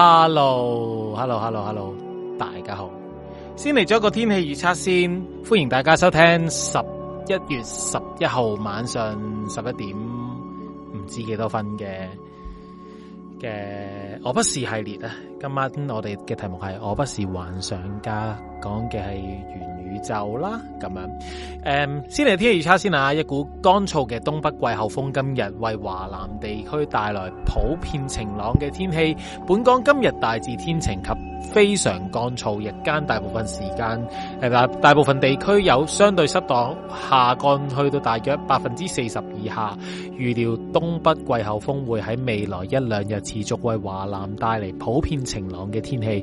hello hello hello hello，大家好，先嚟咗個天氣預測先，歡迎大家收聽十一月十一號晚上十一點唔知幾多分嘅嘅我不是系列啊，今晚我哋嘅題目係我不是幻想家，講嘅係元。宇宙啦咁樣，誒、um，先嚟天氣預測先啊！一股乾燥嘅東北季候風今日為華南地區帶來普遍晴朗嘅天氣，本港今日大致天晴及。非常乾燥，日間大部分時間係啦大部分地區有相對濕度下降，去到大約百分之四十以下。預料東北季候風會喺未來一兩日持續為華南帶嚟普遍晴朗嘅天氣，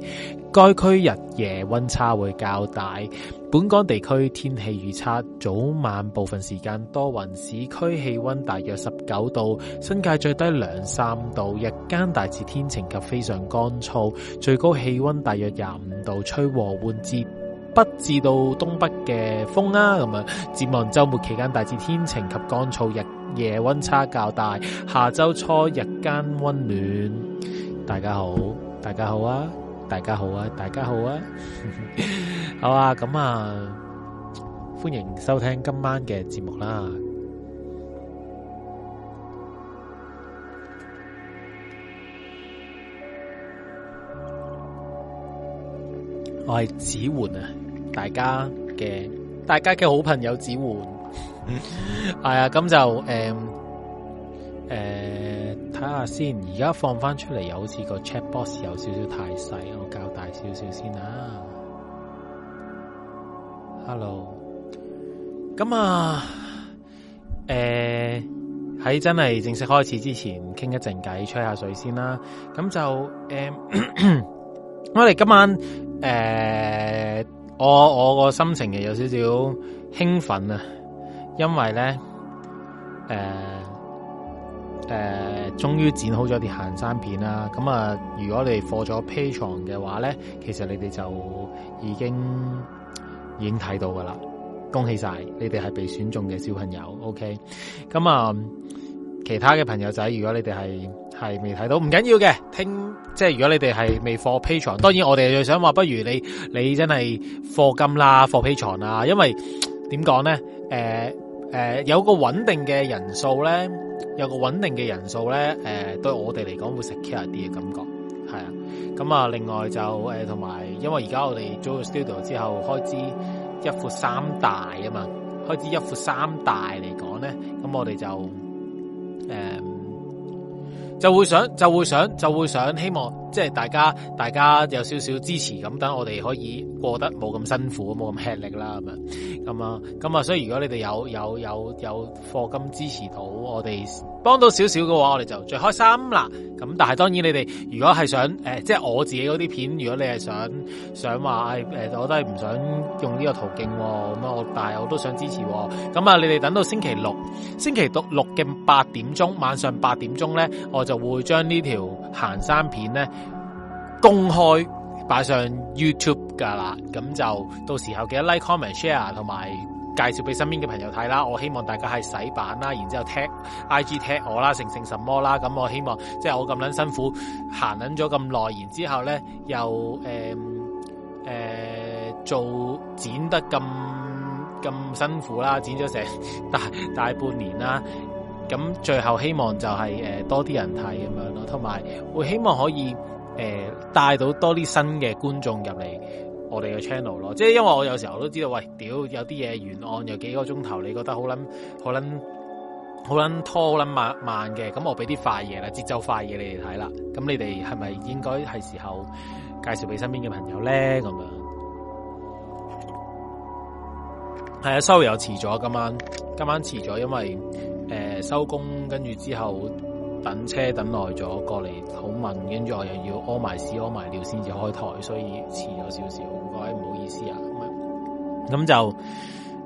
該區日夜温差會較大。本港地區天氣預測早晚部分時間多雲，市區氣温大約十九度，新界最低兩三度，日間大致天晴及非常乾燥，最高氣温。溫大約廿五度，吹和緩至北至到東北嘅風啦。咁啊，展望周末期間大致天晴及乾燥，日夜溫差較大。下周初日間溫暖。大家好，大家好啊，大家好啊，大家好啊。 好啊，咁啊，歡迎收聽今晚嘅節目啦。我係子桓啊，大家嘅大家嘅好朋友子桓，係 啊， 咁就誒誒睇下先，而家放翻出嚟又好似個 chat box 有少少太細，我較大少少先啦。Hello，咁啊，誒、嗯、喺、嗯、真係正式開始之前，傾一陣偈，吹下水先啦。咁就誒、嗯， 我哋今晚。誒、uh，我我個心情嘅有少少興奮啊，因為咧，誒誒，終於剪好咗啲行山片啦。咁啊，如果你哋過咗 p a 嘅話咧，其實你哋就已經已經睇到噶啦。恭喜晒，你哋係被選中嘅小朋友。OK，咁啊，其他嘅朋友仔，如果你哋係。係未睇到，唔緊要嘅。聽即係如果你哋係未貨 p 廠，當當然我哋就想話，不如你你真係貨金啦，貨 p 廠 t 啦。因為點講咧？誒誒、呃呃，有個穩定嘅人數咧，有個穩定嘅人數咧，誒、呃，對我哋嚟講會 e c u r e 啲嘅感覺。係啊，咁啊，另外就誒，同、呃、埋因為而家我哋租 studio 之後，開支一闊三大啊嘛，開支一闊三大嚟講咧，咁我哋就誒。呃就會想，就會想，就會想，希望。即係大家，大家有少少支持咁，等我哋可以過得冇咁辛苦，冇咁吃力啦，咁啊，咁啊，咁啊，所以如果你哋有有有有課金支持到我哋，幫到少少嘅話，我哋就最開心啦。咁但係當然你哋如果係想誒、呃，即係我自己嗰啲片，如果你係想想話誒、呃，我都係唔想用呢個途徑，咁啊，但係我都想支持。咁啊，你哋等到星期六，星期六六嘅八點鐘，晚上八點鐘咧，我就會將呢條行山片咧。公開擺上 YouTube 噶啦，咁就到時候記得 like、comment、share，同埋介紹俾身邊嘅朋友睇啦。我希望大家係洗版啦，然之後 tag IG tag 我啦，成成什麼啦？咁我希望即係我咁捻辛苦行捻咗咁耐，然之後咧又誒誒、呃呃、做剪得咁咁辛苦啦，剪咗成大大半年啦，咁最後希望就係、是、誒、呃、多啲人睇咁樣咯，同埋我希望可以。誒，帶到多啲新嘅觀眾入嚟我哋嘅 channel 咯，即係因為我有時候都知道，喂，屌有啲嘢懸案有幾個鐘頭，你覺得好捻好捻好捻拖捻慢慢嘅，咁我俾啲快嘢啦，節奏快嘢你哋睇啦，咁你哋係咪應該係時候介紹俾身邊嘅朋友咧？咁樣係啊，sorry 又遲咗，今晚今晚遲咗，因為誒收工跟住之後。等車等耐咗，過嚟好問，跟住我又要屙埋屎，屙埋尿，先至開台，所以遲咗少少，各位唔好意思啊。咁就誒、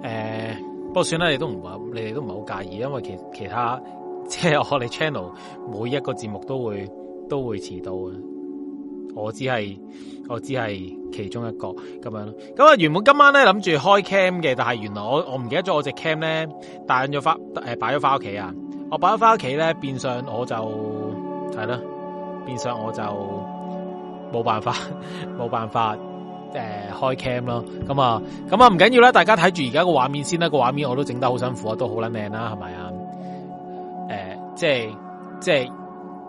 呃，不過算啦，你都唔話，你哋都唔係好介意，因為其其他即係我哋 channel 每一個節目都會都會遲到嘅。我只係我只係其中一個咁樣咯。咁啊，原本今晚咧諗住開 cam 嘅，但係原來我我唔記得咗我隻 cam 咧帶咗翻誒，擺咗翻屋企啊。我擺翻屋企咧，變相我就係啦，變相我就冇辦法，冇辦法誒、呃、開 cam 咯。咁啊，咁啊唔緊要啦，大家睇住而家個畫面先啦，個畫面我都整得好辛苦啊，都好捻靚啦，係咪啊？誒、呃，即係即係。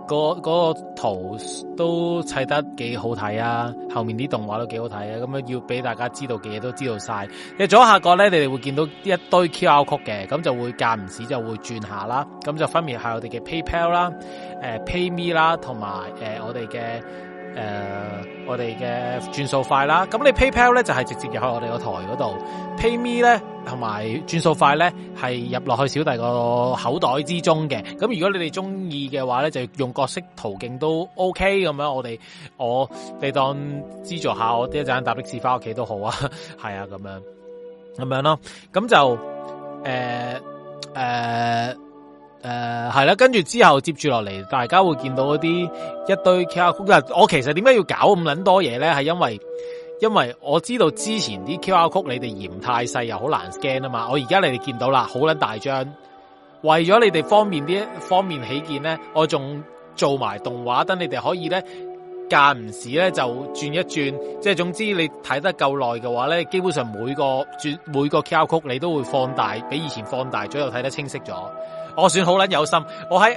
個、那、嗰個圖都砌得幾好睇啊，後面啲動畫都幾好睇啊，咁樣要俾大家知道嘅嘢都知道晒。左下角咧，你哋會見到一堆 QR Code 嘅，咁就會間唔時就會轉下啦，咁就分別係我哋嘅 PayPal 啦，誒、呃、PayMe 啦，同埋誒我哋嘅。誒、呃，我哋嘅轉數快啦，咁你 PayPal 咧就係、是、直接入去我哋個台嗰度，PayMe 咧同埋轉數快咧係入落去小弟個口袋之中嘅。咁如果你哋中意嘅話咧，就用各式途徑都 OK 咁樣我。我哋我你當資助下我哋一陣搭的士翻屋企都好啊，係 啊咁樣，咁樣咯。咁就誒誒。呃呃誒、嗯，係啦，跟住之後接住落嚟，大家會見到嗰啲一堆 QR Code 我其實點解要搞咁捻多嘢咧？係因為因為我知道之前啲 QR Code 你哋嫌太細又好難 scan 啊嘛。我而家你哋見到啦，好捻大張。為咗你哋方便啲，方便起見咧，我仲做埋動畫，等你哋可以咧間唔時咧就轉一轉。即係總之，你睇得夠耐嘅話咧，基本上每個轉每個 QR Code 你都會放大，比以前放大咗又睇得清晰咗。我算好捻有心，我喺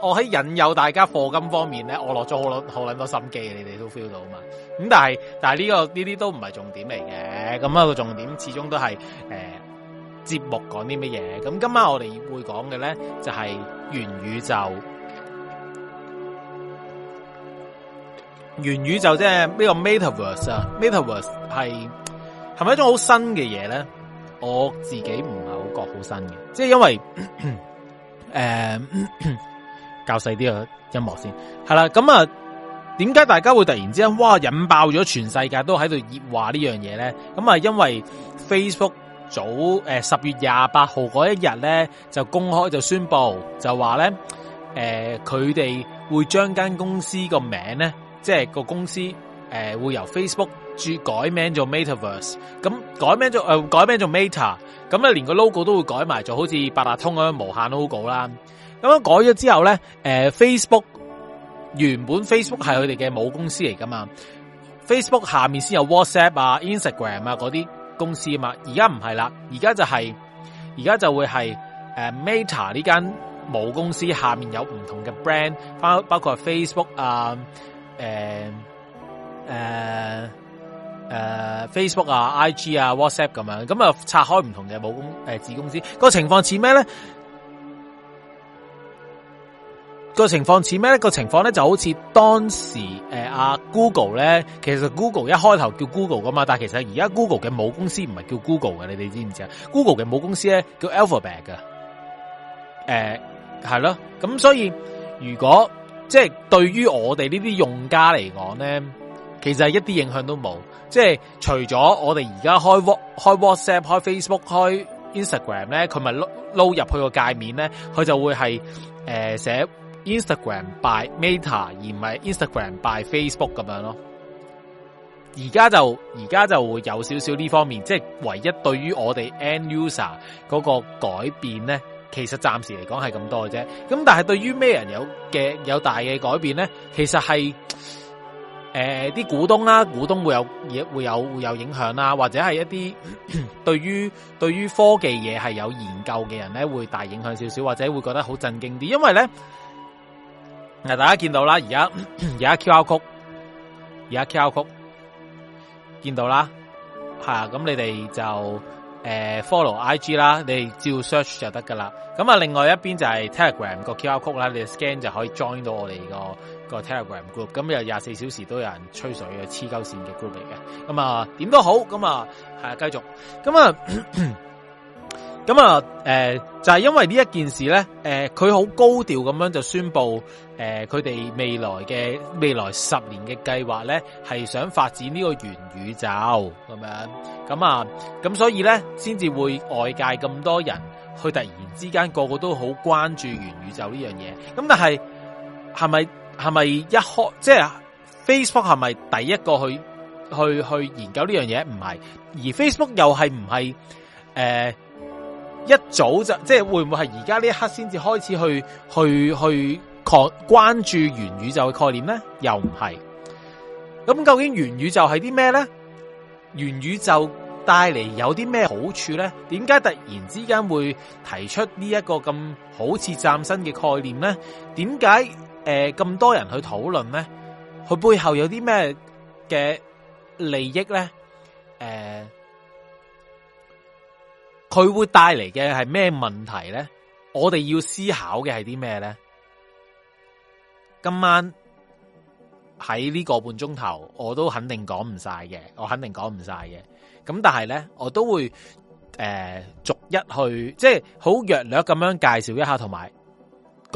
我喺引誘大家課金方面咧，我落咗好捻好捻多心機，你哋都 feel 到啊嘛。咁但係但係呢、這個呢啲都唔係重點嚟嘅。咁啊個重點始終都係誒節目講啲乜嘢。咁今晚我哋會講嘅咧就係、是、元宇宙。元宇宙即係呢個 metaverse 啊，metaverse 係係咪一種好新嘅嘢咧？我自己唔係好覺好新嘅，即係因為。 誒、uh, 教細啲個音樂先，係啦，咁啊，點解大家會突然之間，哇，引爆咗全世界都喺度熱話呢樣嘢咧？咁啊，因為 Facebook 早誒十、呃、月廿八號嗰一日咧，就公開就宣布就呢，就話咧，誒，佢哋會將間公司個名咧，即係個公司誒、呃，會由 Facebook。改名做 MetaVerse，咁改名做誒、呃、改名做 Meta，咁啊連個 logo 都會改埋，就好似八達通咁樣無限 logo 啦。咁樣改咗之後咧，誒、呃、Facebook 原本 Facebook 係佢哋嘅母公司嚟噶嘛，Facebook 下面先有 WhatsApp 啊、Instagram 啊嗰啲公司啊嘛，而家唔係啦，而家就係而家就會係誒 Meta 呢間母公司下面有唔同嘅 brand 包包括 Facebook 啊、呃，誒、呃、誒。呃誒、uh，Facebook 啊、IG 啊、WhatsApp 咁樣，咁啊拆開唔同嘅母公司誒子公司，個情況似咩咧？個情況似咩咧？個情況咧就好似當時誒阿 Google 咧，其實 Google 一開頭叫 Google 噶嘛，但係其實而家 Google 嘅母公司唔係叫 Google 嘅，你哋知唔知啊？Google 嘅母公司咧叫 Alphabet 噶，誒係咯，咁所以如果即係對於我哋呢啲用家嚟講咧。其實一啲影響都冇，即係除咗我哋而家開 WhatsApp、開 Facebook、開 Instagram 咧，佢咪 low 入去個界面咧，佢就會係誒、呃、寫 Instagram by Meta 而唔係 Instagram by Facebook 咁樣咯。而家就而家就會有少少呢方面，即係唯一對於我哋 end user 嗰個改變咧，其實暫時嚟講係咁多嘅啫。咁但係對於咩人有嘅有大嘅改變咧，其實係。誒、呃，啲股東啦，股東會有嘢會有會有影響啦，或者係一啲對於對於科技嘢係有研究嘅人咧，會大影響少少，或者會覺得好震驚啲。因為咧，嗱大家見到啦，而家而家 QR Code，而家 QR Code 見到啦，咁你哋就誒 follow IG 啦，你哋照 search 就得㗎喇。咁啊，呃、IG，另外一邊就係 Telegram 個 QR Code 啦，你 scan 就可以 join 到我哋、這個。個 Telegram group，咁又廿四小時都有人吹水嘅、黐鳩線嘅 group 嚟嘅。咁啊點都好，咁啊係啊繼續，咁啊咁啊誒就係因為呢一件事咧，誒佢好高調咁樣就宣布，誒佢哋未來嘅未來十年嘅計劃咧係想發展呢個元宇宙咁樣，咁啊咁所以咧先至會外界咁多人去突然之間個個都好關注元宇宙呢樣嘢，咁但係係咪？係咪一開即係 Facebook 係咪第一個去去去研究呢樣嘢？唔係，而 Facebook 又係唔係誒一早就即係、就是、會唔會係而家呢一刻先至開始去去去關關注元宇宙嘅概念咧？又唔係。咁究竟元宇宙係啲咩咧？元宇宙帶嚟有啲咩好處咧？點解突然之間會提出呢一個咁好似嶄新嘅概念咧？點解？誒、呃，咁多人去討論咧，佢背後有啲咩嘅利益咧？誒、呃，佢會帶嚟嘅係咩問題咧？我哋要思考嘅係啲咩咧？今晚喺呢個半鐘頭，我都肯定講唔晒嘅，我肯定講唔晒嘅。咁但係咧，我都會誒、呃、逐一去，即係好弱略咁樣介紹一下，同埋。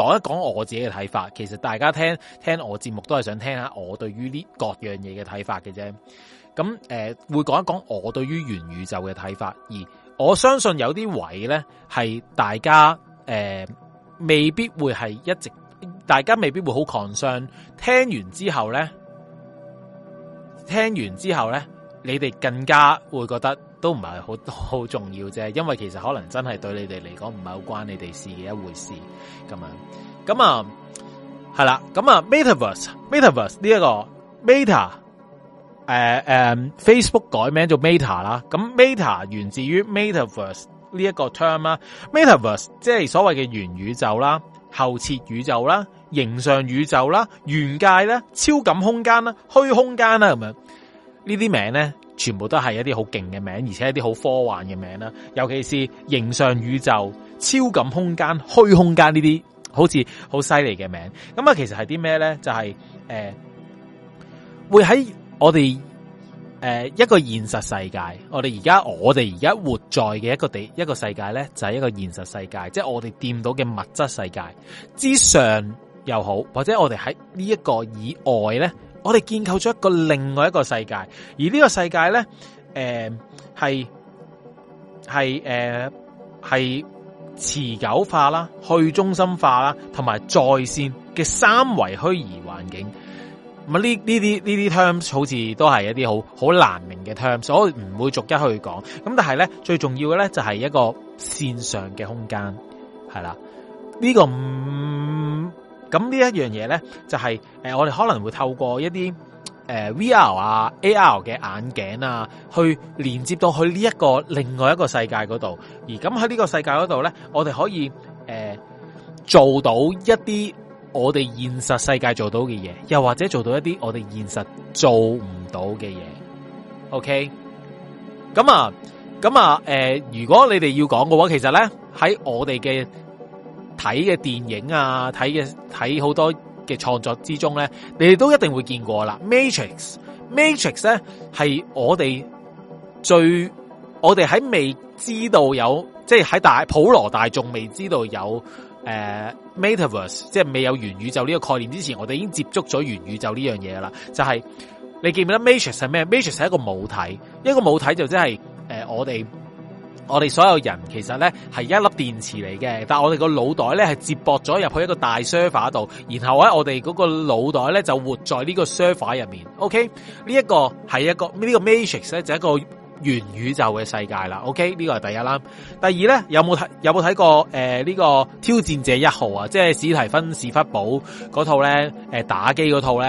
講一講我自己嘅睇法，其實大家聽聽我節目都係想聽下我對於呢各樣嘢嘅睇法嘅啫。咁誒、呃，會講一講我對於元宇宙嘅睇法，而我相信有啲位呢，係大家誒、呃，未必會係一直，大家未必會好 concern。聽完之後呢？聽完之後呢？你哋更加會覺得都唔係好好重要啫，因為其實可能真係對你哋嚟講唔係好關你哋事嘅一回事咁樣。咁啊，係啦，咁啊，metaverse，metaverse 呢 metaverse 一個 meta，誒、uh、誒、um，Facebook 改名做 meta 啦，咁 meta 源自於 metaverse 呢一個 term 啦、啊，metaverse 即係所謂嘅元宇宙啦、後設宇宙啦、形上宇宙啦、元界啦、超感空間啦、虛空間啦咁樣。呢啲名呢，全部都係一啲好勁嘅名，而且一啲好科幻嘅名啦。尤其是形上宇宙、超感空間、虛空間呢啲，好似好犀利嘅名。咁啊，其實係啲咩呢？就係誒，會喺我哋誒一個現實世界，我哋而家我哋而家活在嘅一個地一個世界呢，就係一個現實世界，即係我哋掂到嘅物質世界之上又好，或者我哋喺呢一個以外呢。我哋建構咗一個另外一個世界，而呢個世界咧，誒、呃，係係誒係持久化啦、去中心化啦，同埋在線嘅三維虛擬環境。咁啊，呢呢啲呢啲 terms 好似都係一啲好好難明嘅 terms，所以我唔會逐一去講。咁但係咧，最重要嘅咧就係一個線上嘅空間，係啦，呢、這個唔。嗯咁呢一樣嘢咧，就係、是、誒、呃，我哋可能會透過一啲誒、呃、VR 啊 AR 嘅眼鏡啊，去連接到去呢一個另外一個世界嗰度。而咁喺呢個世界嗰度咧，我哋可以誒、呃、做到一啲我哋現實世界做到嘅嘢，又或者做到一啲我哋現實做唔到嘅嘢。OK，咁啊，咁啊，誒、呃，如果你哋要講嘅話，其實咧喺我哋嘅。睇嘅電影啊，睇嘅睇好多嘅創作之中咧，你哋都一定會見過啦。Matrix，Matrix 咧係 Matrix 我哋最我哋喺未知道有，即係喺大普羅大眾未知道有誒、呃、metaverse，即係未有元宇宙呢個概念之前，我哋已經接觸咗元宇宙呢樣嘢啦。就係、是、你記唔記得 Matrix 係咩？Matrix 係一個母體，一個母體就即係誒我哋。我哋所有人其實咧係一粒電池嚟嘅，但係我哋個,個腦袋咧係接駁咗入去一個大 server 度，然後咧我哋嗰個腦袋咧就活在呢個 server 入面。OK，呢一個係一個呢個 Matrix 咧就係、一個元宇宙嘅世界啦。OK，呢個係第一啦。第二咧有冇睇有冇睇過誒呢、呃呢個挑戰者一號啊？即係史提芬史匹堡嗰套咧誒、呃、打機嗰套咧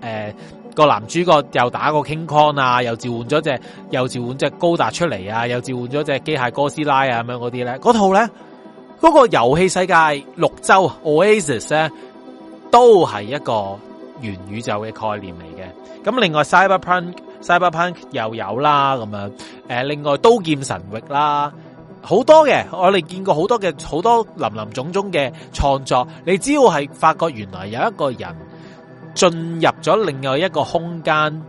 誒。呃那個男主角又打過 King Kong 啊，又召喚咗隻，又召喚隻高達出嚟啊，又召喚咗隻機械哥斯拉啊，咁樣嗰啲咧，嗰套咧，嗰、嗰個遊戲世界綠洲 Oasis 咧，都係一個元宇宙嘅概念嚟嘅。咁另外 Cyberpunk，Cyberpunk Cyberpunk 又有啦，咁樣，誒，另外刀劍神域啦，好多嘅，我哋見過好多嘅，好多林林總總嘅創作，你只要係發覺原來有一個人。進入咗另外一個空間，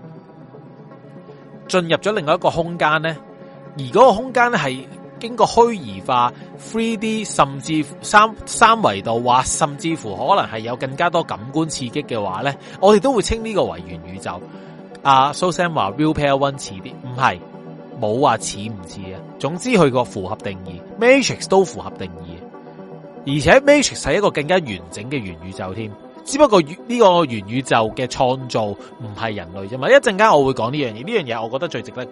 進入咗另外一個空間咧，而嗰個空間咧係經過虛擬化、three D 甚至三三維度或，甚至乎可能係有更加多感官刺激嘅話咧，我哋都會稱呢個為元宇宙。阿蘇 sam 話 Real Pair One 似啲，唔係，冇話似唔似啊。總之佢個符合定義，Matrix 都符合定義，而且 Matrix 係一個更加完整嘅元宇宙添。只不過，呢個元宇宙嘅創造唔係人類啫嘛。一陣間我會講呢樣嘢，呢樣嘢我覺得最值得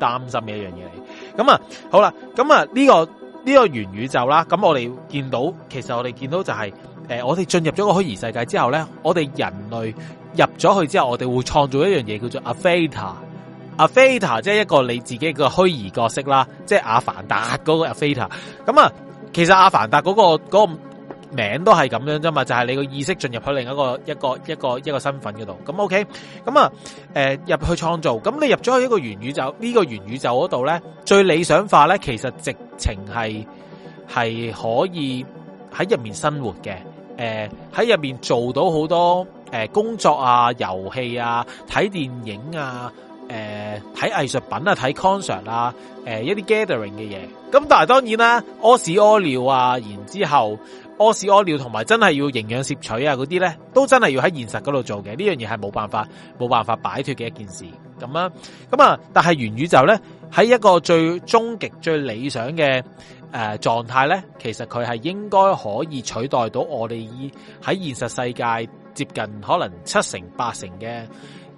擔心嘅一樣嘢。嚟。咁啊，好啦，咁啊、這個，呢個呢個元宇宙啦，咁我哋見到，其實我哋見到就係、是，誒、呃，我哋進入咗個虛擬世界之後咧，我哋人類進入咗去之後，我哋會創造一樣嘢叫做阿 v a t a r a a t a 即係一個你自己嘅虛擬角色啦，即、就、係、是、阿凡達嗰個阿 v a t a 咁啊，其實阿凡達嗰個個。那個名都係咁樣啫嘛，就係、是、你個意識進入去另一個一個一個一個身份嗰度，咁 OK，咁啊，誒、呃、入去創造，咁你入咗去一個元宇宙呢、這個元宇宙嗰度咧，最理想化咧，其實直情係係可以喺入面生活嘅，誒喺入面做到好多誒工作啊、遊戲啊、睇電影啊、誒睇藝術品啊、睇 concert 啊、誒、呃、一啲 gathering 嘅嘢，咁但係當然啦，屙屎屙尿啊，然之後。屙屎屙尿同埋真係要營養攝取啊嗰啲咧，都真係要喺現實嗰度做嘅。呢樣嘢係冇辦法冇辦法擺脫嘅一件事。咁啊，咁啊，但係元宇宙咧喺一個最終極最理想嘅誒、呃、狀態咧，其實佢係應該可以取代到我哋喺現實世界接近可能七成八成嘅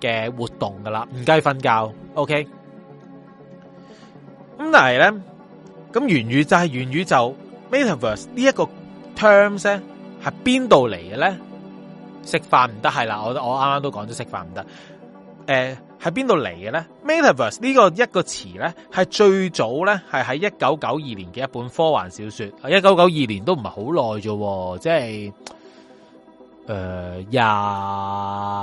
嘅活動噶啦，唔計瞓覺。O、OK? K。咁但係咧，咁元宇宙係元宇宙 metaverse 呢、這、一個。terms 咧係邊度嚟嘅咧？食飯唔得係啦，我我啱啱都講咗食飯唔得。誒，係邊度嚟嘅咧？Metaverse 呢個一個詞咧，係最早咧係喺一九九二年嘅一本科幻小說。一九九二年都唔係好耐啫，即係誒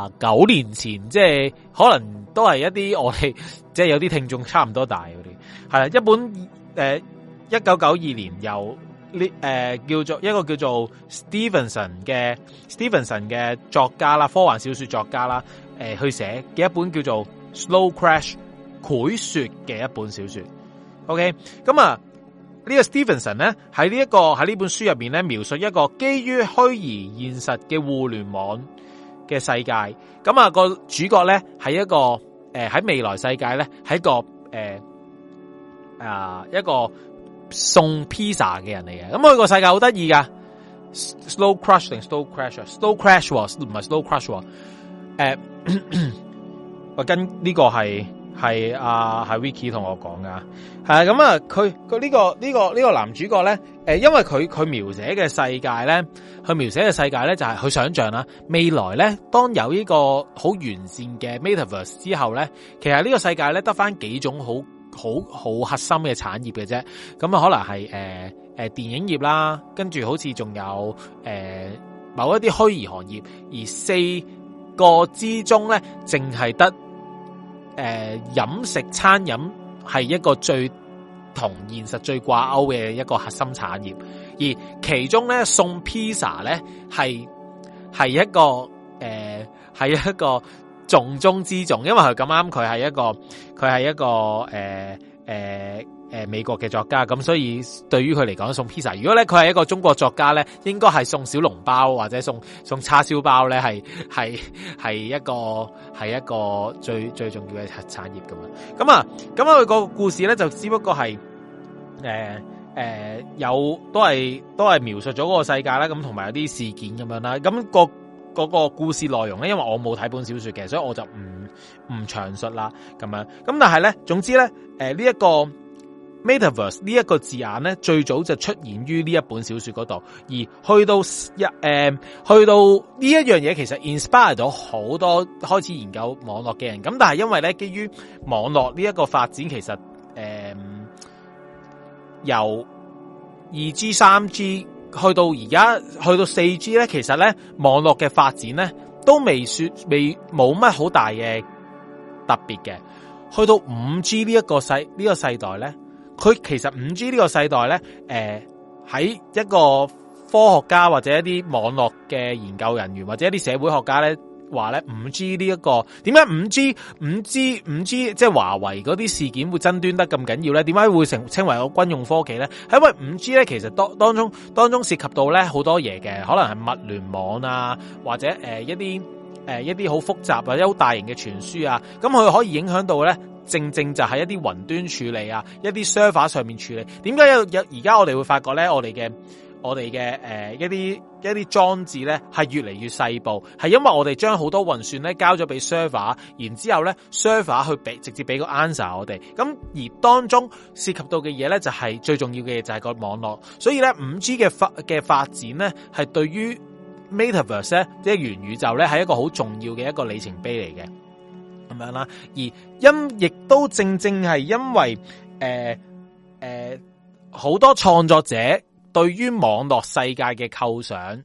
廿九年前，即係可能都係一啲我哋即係有啲聽眾差唔多大嗰啲係啦。一本誒一九九二年有。呢誒叫做一個叫做 Stevenson 嘅 Stevenson 嘅作家啦，科幻小說作家啦，誒、呃、去寫嘅一本叫做《Slow Crash》潰雪嘅一本小說。OK，咁啊呢個 Stevenson 咧喺呢一、這個喺呢本書入邊咧描述一個基於虛擬現實嘅互聯網嘅世界。咁、那、啊個主角咧係一個誒喺、呃、未來世界咧喺個誒一個。呃啊一個送披 a 嘅人嚟嘅，咁佢個世界好得意噶。Slow crush 定 slow crash，slow crash 唔係 slow crash, slow crash、哦。誒，哦呃咳咳是是啊、是跟我跟呢、啊、個係係阿係 Vicky 同我講噶，係啊，咁啊，佢佢呢個呢個呢個男主角咧，誒，因為佢佢描寫嘅世界咧，佢描寫嘅世界咧就係佢想象啦，未來咧，當有呢個好完善嘅 metaverse 之後咧，其實呢個世界咧得翻幾種好。好好核心嘅產業嘅啫，咁啊可能係誒誒電影業啦，跟住好似仲有誒、呃、某一啲虛擬行業，而四個之中咧，淨係得誒、呃、飲食餐飲係一個最同現實最掛鈎嘅一個核心產業，而其中咧送披薩咧係係一個誒係一個。呃重中之重，因為佢咁啱佢係一個佢係一個誒誒誒美國嘅作家，咁所以對於佢嚟講送披薩。如果咧佢係一個中國作家咧，應該係送小籠包或者送送叉燒包咧，係係係一個係一個最最重要嘅產業咁樣，咁啊，咁啊佢個故事咧就只不過係誒誒有都係都係描述咗個世界啦，咁同埋有啲事件咁樣啦，咁個。嗰、那個故事內容咧，因為我冇睇本小說嘅，所以我就唔唔詳述啦咁樣。咁但係咧，總之咧，誒呢一個 metaverse 呢一個字眼咧，最早就出現於呢一本小說嗰度。而去到一誒、嗯、去到呢一樣嘢，其實 inspire 咗好多開始研究網絡嘅人。咁但係因為咧，基於網絡呢一個發展，其實誒、嗯、由二 G、三 G。去到而家，去到四 G 咧，其實咧網絡嘅發展咧都未說未冇乜好大嘅特別嘅。去到五 G 呢一個世呢、呢個世代咧，佢其實五 G 呢個世代咧，誒、呃、喺一個科學家或者一啲網絡嘅研究人員或者一啲社會學家咧。話咧五 G 呢一個，點解五 G 五 G 五 G 即係華為嗰啲事件會爭端得咁緊要咧？點解會成稱為個軍用科技咧？係因為五 G 咧其實當當中當中涉及到咧好多嘢嘅，可能係物聯網啊，或者誒、呃、一啲誒、呃、一啲好複雜啊、一好大型嘅傳輸啊，咁佢可以影響到咧，正正就係一啲雲端處理啊，一啲 server 上面處理。點解有有而家我哋會發覺咧，我哋嘅。我哋嘅誒一啲一啲裝置咧係越嚟越細部，係因為我哋將好多運算咧交咗俾 server，然之後咧 server 去俾直接俾個 answer 我哋。咁而當中涉及到嘅嘢咧，就係最重要嘅嘢就係個網絡。所以咧五 G 嘅發嘅發展咧，係對於 metaverse 咧，即係元宇宙咧，係一個好重要嘅一個里程碑嚟嘅。咁樣啦，而因亦都正正係因為誒誒好多創作者。對於網絡世界嘅構想，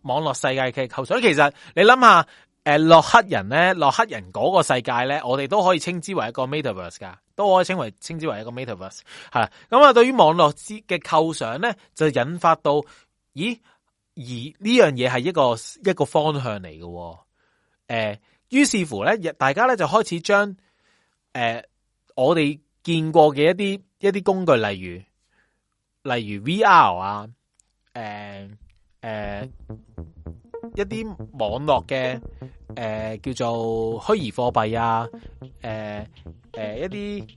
網絡世界嘅構想，其實你諗下，誒、呃，洛克人咧，洛克人嗰個世界咧，我哋都可以稱之為一個 metaverse 噶，都可以稱為稱之為一個 metaverse 吓。咁啊，對於網絡之嘅構想咧，就引發到，咦，而呢樣嘢係一個一個方向嚟嘅。誒、呃，於是乎咧，大家咧就開始將，誒、呃，我哋見過嘅一啲一啲工具，例如。例如 VR 啊，誒、呃、誒、呃、一啲網絡嘅誒、呃、叫做虛擬貨幣啊，誒、呃、誒、呃、一啲。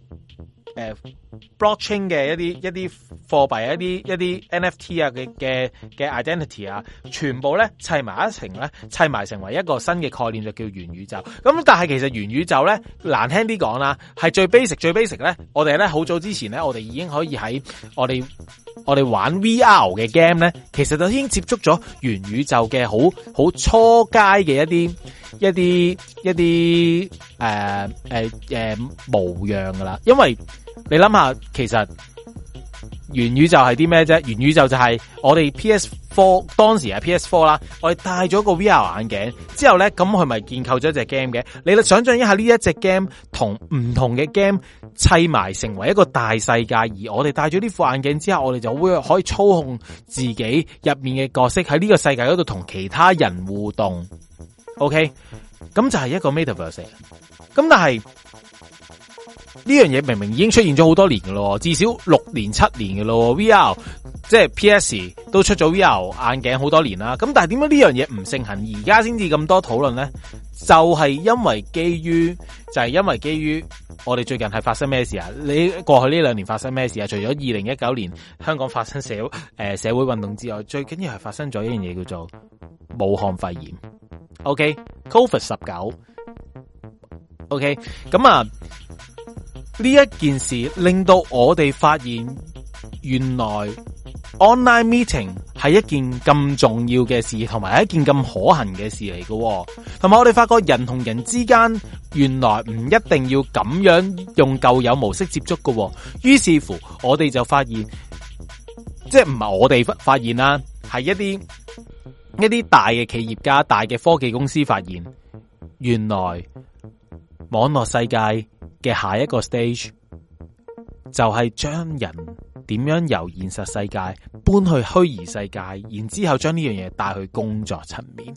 誒、uh，blockchain 嘅一啲一啲貨幣、一啲一啲 NFT 啊嘅嘅嘅 identity 啊，全部咧砌埋一層，咧，砌埋成為一個新嘅概念就叫元宇宙。咁但係其實元宇宙咧，難聽啲講啦，係最 basic 最 basic 咧，我哋咧好早之前咧，我哋已經可以喺我哋我哋玩 VR 嘅 game 咧，其實就已經接觸咗元宇宙嘅好好初階嘅一啲一啲一啲誒誒誒模樣噶啦，因為。你諗下，其實元宇宙係啲咩啫？元宇宙就係我哋 P S Four 當時係 P S Four 啦，我哋戴咗個 V R 眼鏡之後咧，咁佢咪建構咗一隻 game 嘅？你想象一下呢一隻 game 同唔同嘅 game 砌埋成為一個大世界，而我哋戴咗呢副眼鏡之後，我哋就會可以操控自己入面嘅角色喺呢個世界嗰度同其他人互動。OK，咁就係一個 metaverse。咁但係。呢樣嘢明明已經出現咗好多年嘅咯，至少六年七年嘅咯，VR 即係 PS 都出咗 VR 眼鏡好多年啦。咁但係點解呢樣嘢唔盛行，而家先至咁多討論咧？就係、是、因為基於，就係、是、因為基於我哋最近係發生咩事啊？你過去呢兩年發生咩事啊？除咗二零一九年香港發生社誒、呃、社會運動之外，最緊要係發生咗一樣嘢叫做武漢肺炎。OK，COVID、okay? 十九。OK，咁啊。呢一件事令到我哋發現，原來 online meeting 係一件咁重要嘅事，同埋一件咁可行嘅事嚟嘅。同埋我哋發覺人同人之間原來唔一定要咁樣用舊有模式接觸嘅。於是乎，我哋就發現，即係唔係我哋發發現啦，係一啲一啲大嘅企業家、大嘅科技公司發現，原來。網絡世界嘅下一個 stage 就係將人點樣由現實世界搬去虛擬世界，然之後將呢樣嘢帶去工作層面。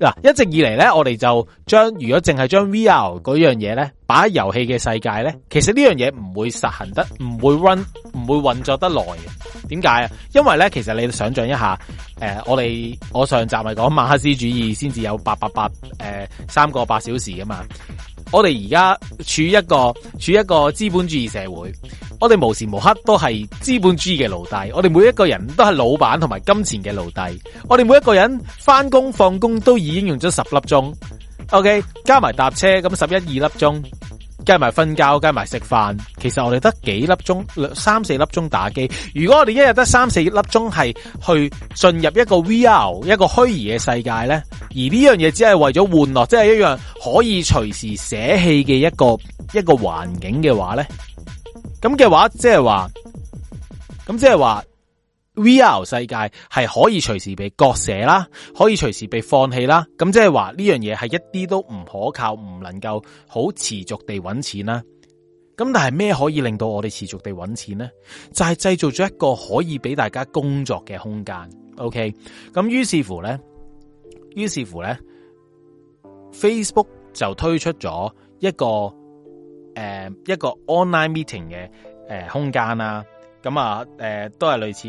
嗱，一直以嚟呢，我哋就將如果淨係將 VR 嗰樣嘢呢，擺喺遊戲嘅世界呢，其實呢樣嘢唔會實行得，唔會 run 唔會運作得耐嘅。點解啊？因為呢，其實你想象一下，誒、呃，我哋我上集咪講馬克思主義先至有八八八誒三個八小時㗎嘛。我哋而家處一個處一個資本主義社會，我哋無時無刻都係資本主義嘅奴隸，我哋每一個人都係老闆同埋金錢嘅奴隸，我哋每一個人返工放工都已經用咗十粒鐘，OK，加埋搭車咁十一二粒鐘。加埋瞓覺，加埋食飯，其實我哋得幾粒鐘，三四粒鐘打機。如果我哋一日得三四粒鐘係去進入一個 VR 一個虛擬嘅世界呢，而呢樣嘢只係為咗玩樂，即係一樣可以隨時捨棄嘅一個一個環境嘅話呢。咁嘅話即係話，咁即係話。VR 世界係可以隨時被割捨啦，可以隨時被放棄啦，咁即係話呢樣嘢係一啲都唔可靠，唔能夠好持續地搵錢啦。咁但係咩可以令到我哋持續地搵錢呢？就係、是、製造咗一個可以俾大家工作嘅空間。OK，咁於是乎咧，於是乎咧，Facebook 就推出咗一個誒、呃、一個 online meeting 嘅誒、呃、空間啦。咁啊，誒、呃，都係類似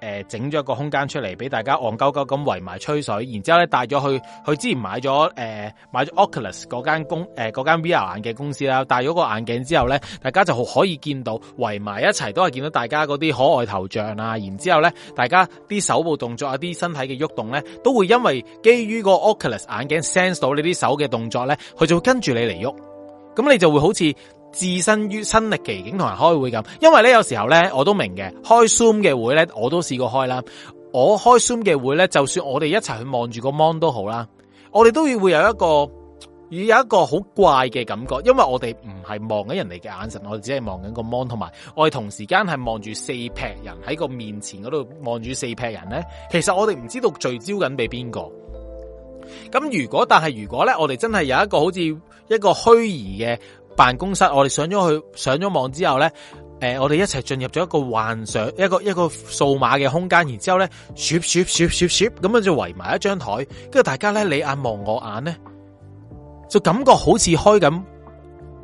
誒，整咗個空間出嚟俾大家戇鳩鳩咁圍埋吹水，然之後咧帶咗去，佢之前買咗誒、呃，買咗 Oculus 嗰間公誒嗰間 VR 眼鏡公司啦，戴咗個眼鏡之後咧，大家就好可以見到圍埋一齊，都係見到大家嗰啲可愛頭像啊，然之後咧，大家啲手部動作啊，啲身體嘅喐動咧，都會因為基於個 Oculus 眼鏡 sense 到你啲手嘅動作咧，佢就會跟住你嚟喐，咁你就會好似。置身於親歷其境同人開會咁，因為咧有時候咧我都明嘅，開 zoom 嘅會咧我都試過開啦。我開 zoom 嘅會咧，就算我哋一齊去望住個 mon 都好啦，我哋都要會有一個，要有一個好怪嘅感覺，因為我哋唔係望緊人哋嘅眼神，我哋只係望緊個 mon，同埋我哋同時間係望住四劈人喺個面前嗰度望住四劈人咧，其實我哋唔知道聚焦緊俾邊個。咁如果但係如果咧，我哋真係有一個好似一個虛擬嘅。辦公室，我哋上咗去上咗網之後咧，誒、呃，我哋一齊進入咗一個幻想，一個一個數碼嘅空間，然之後咧，咻咻咻咻咻咁樣就圍埋一張台，跟住大家咧，你眼望我眼咧，就感覺好似開咁。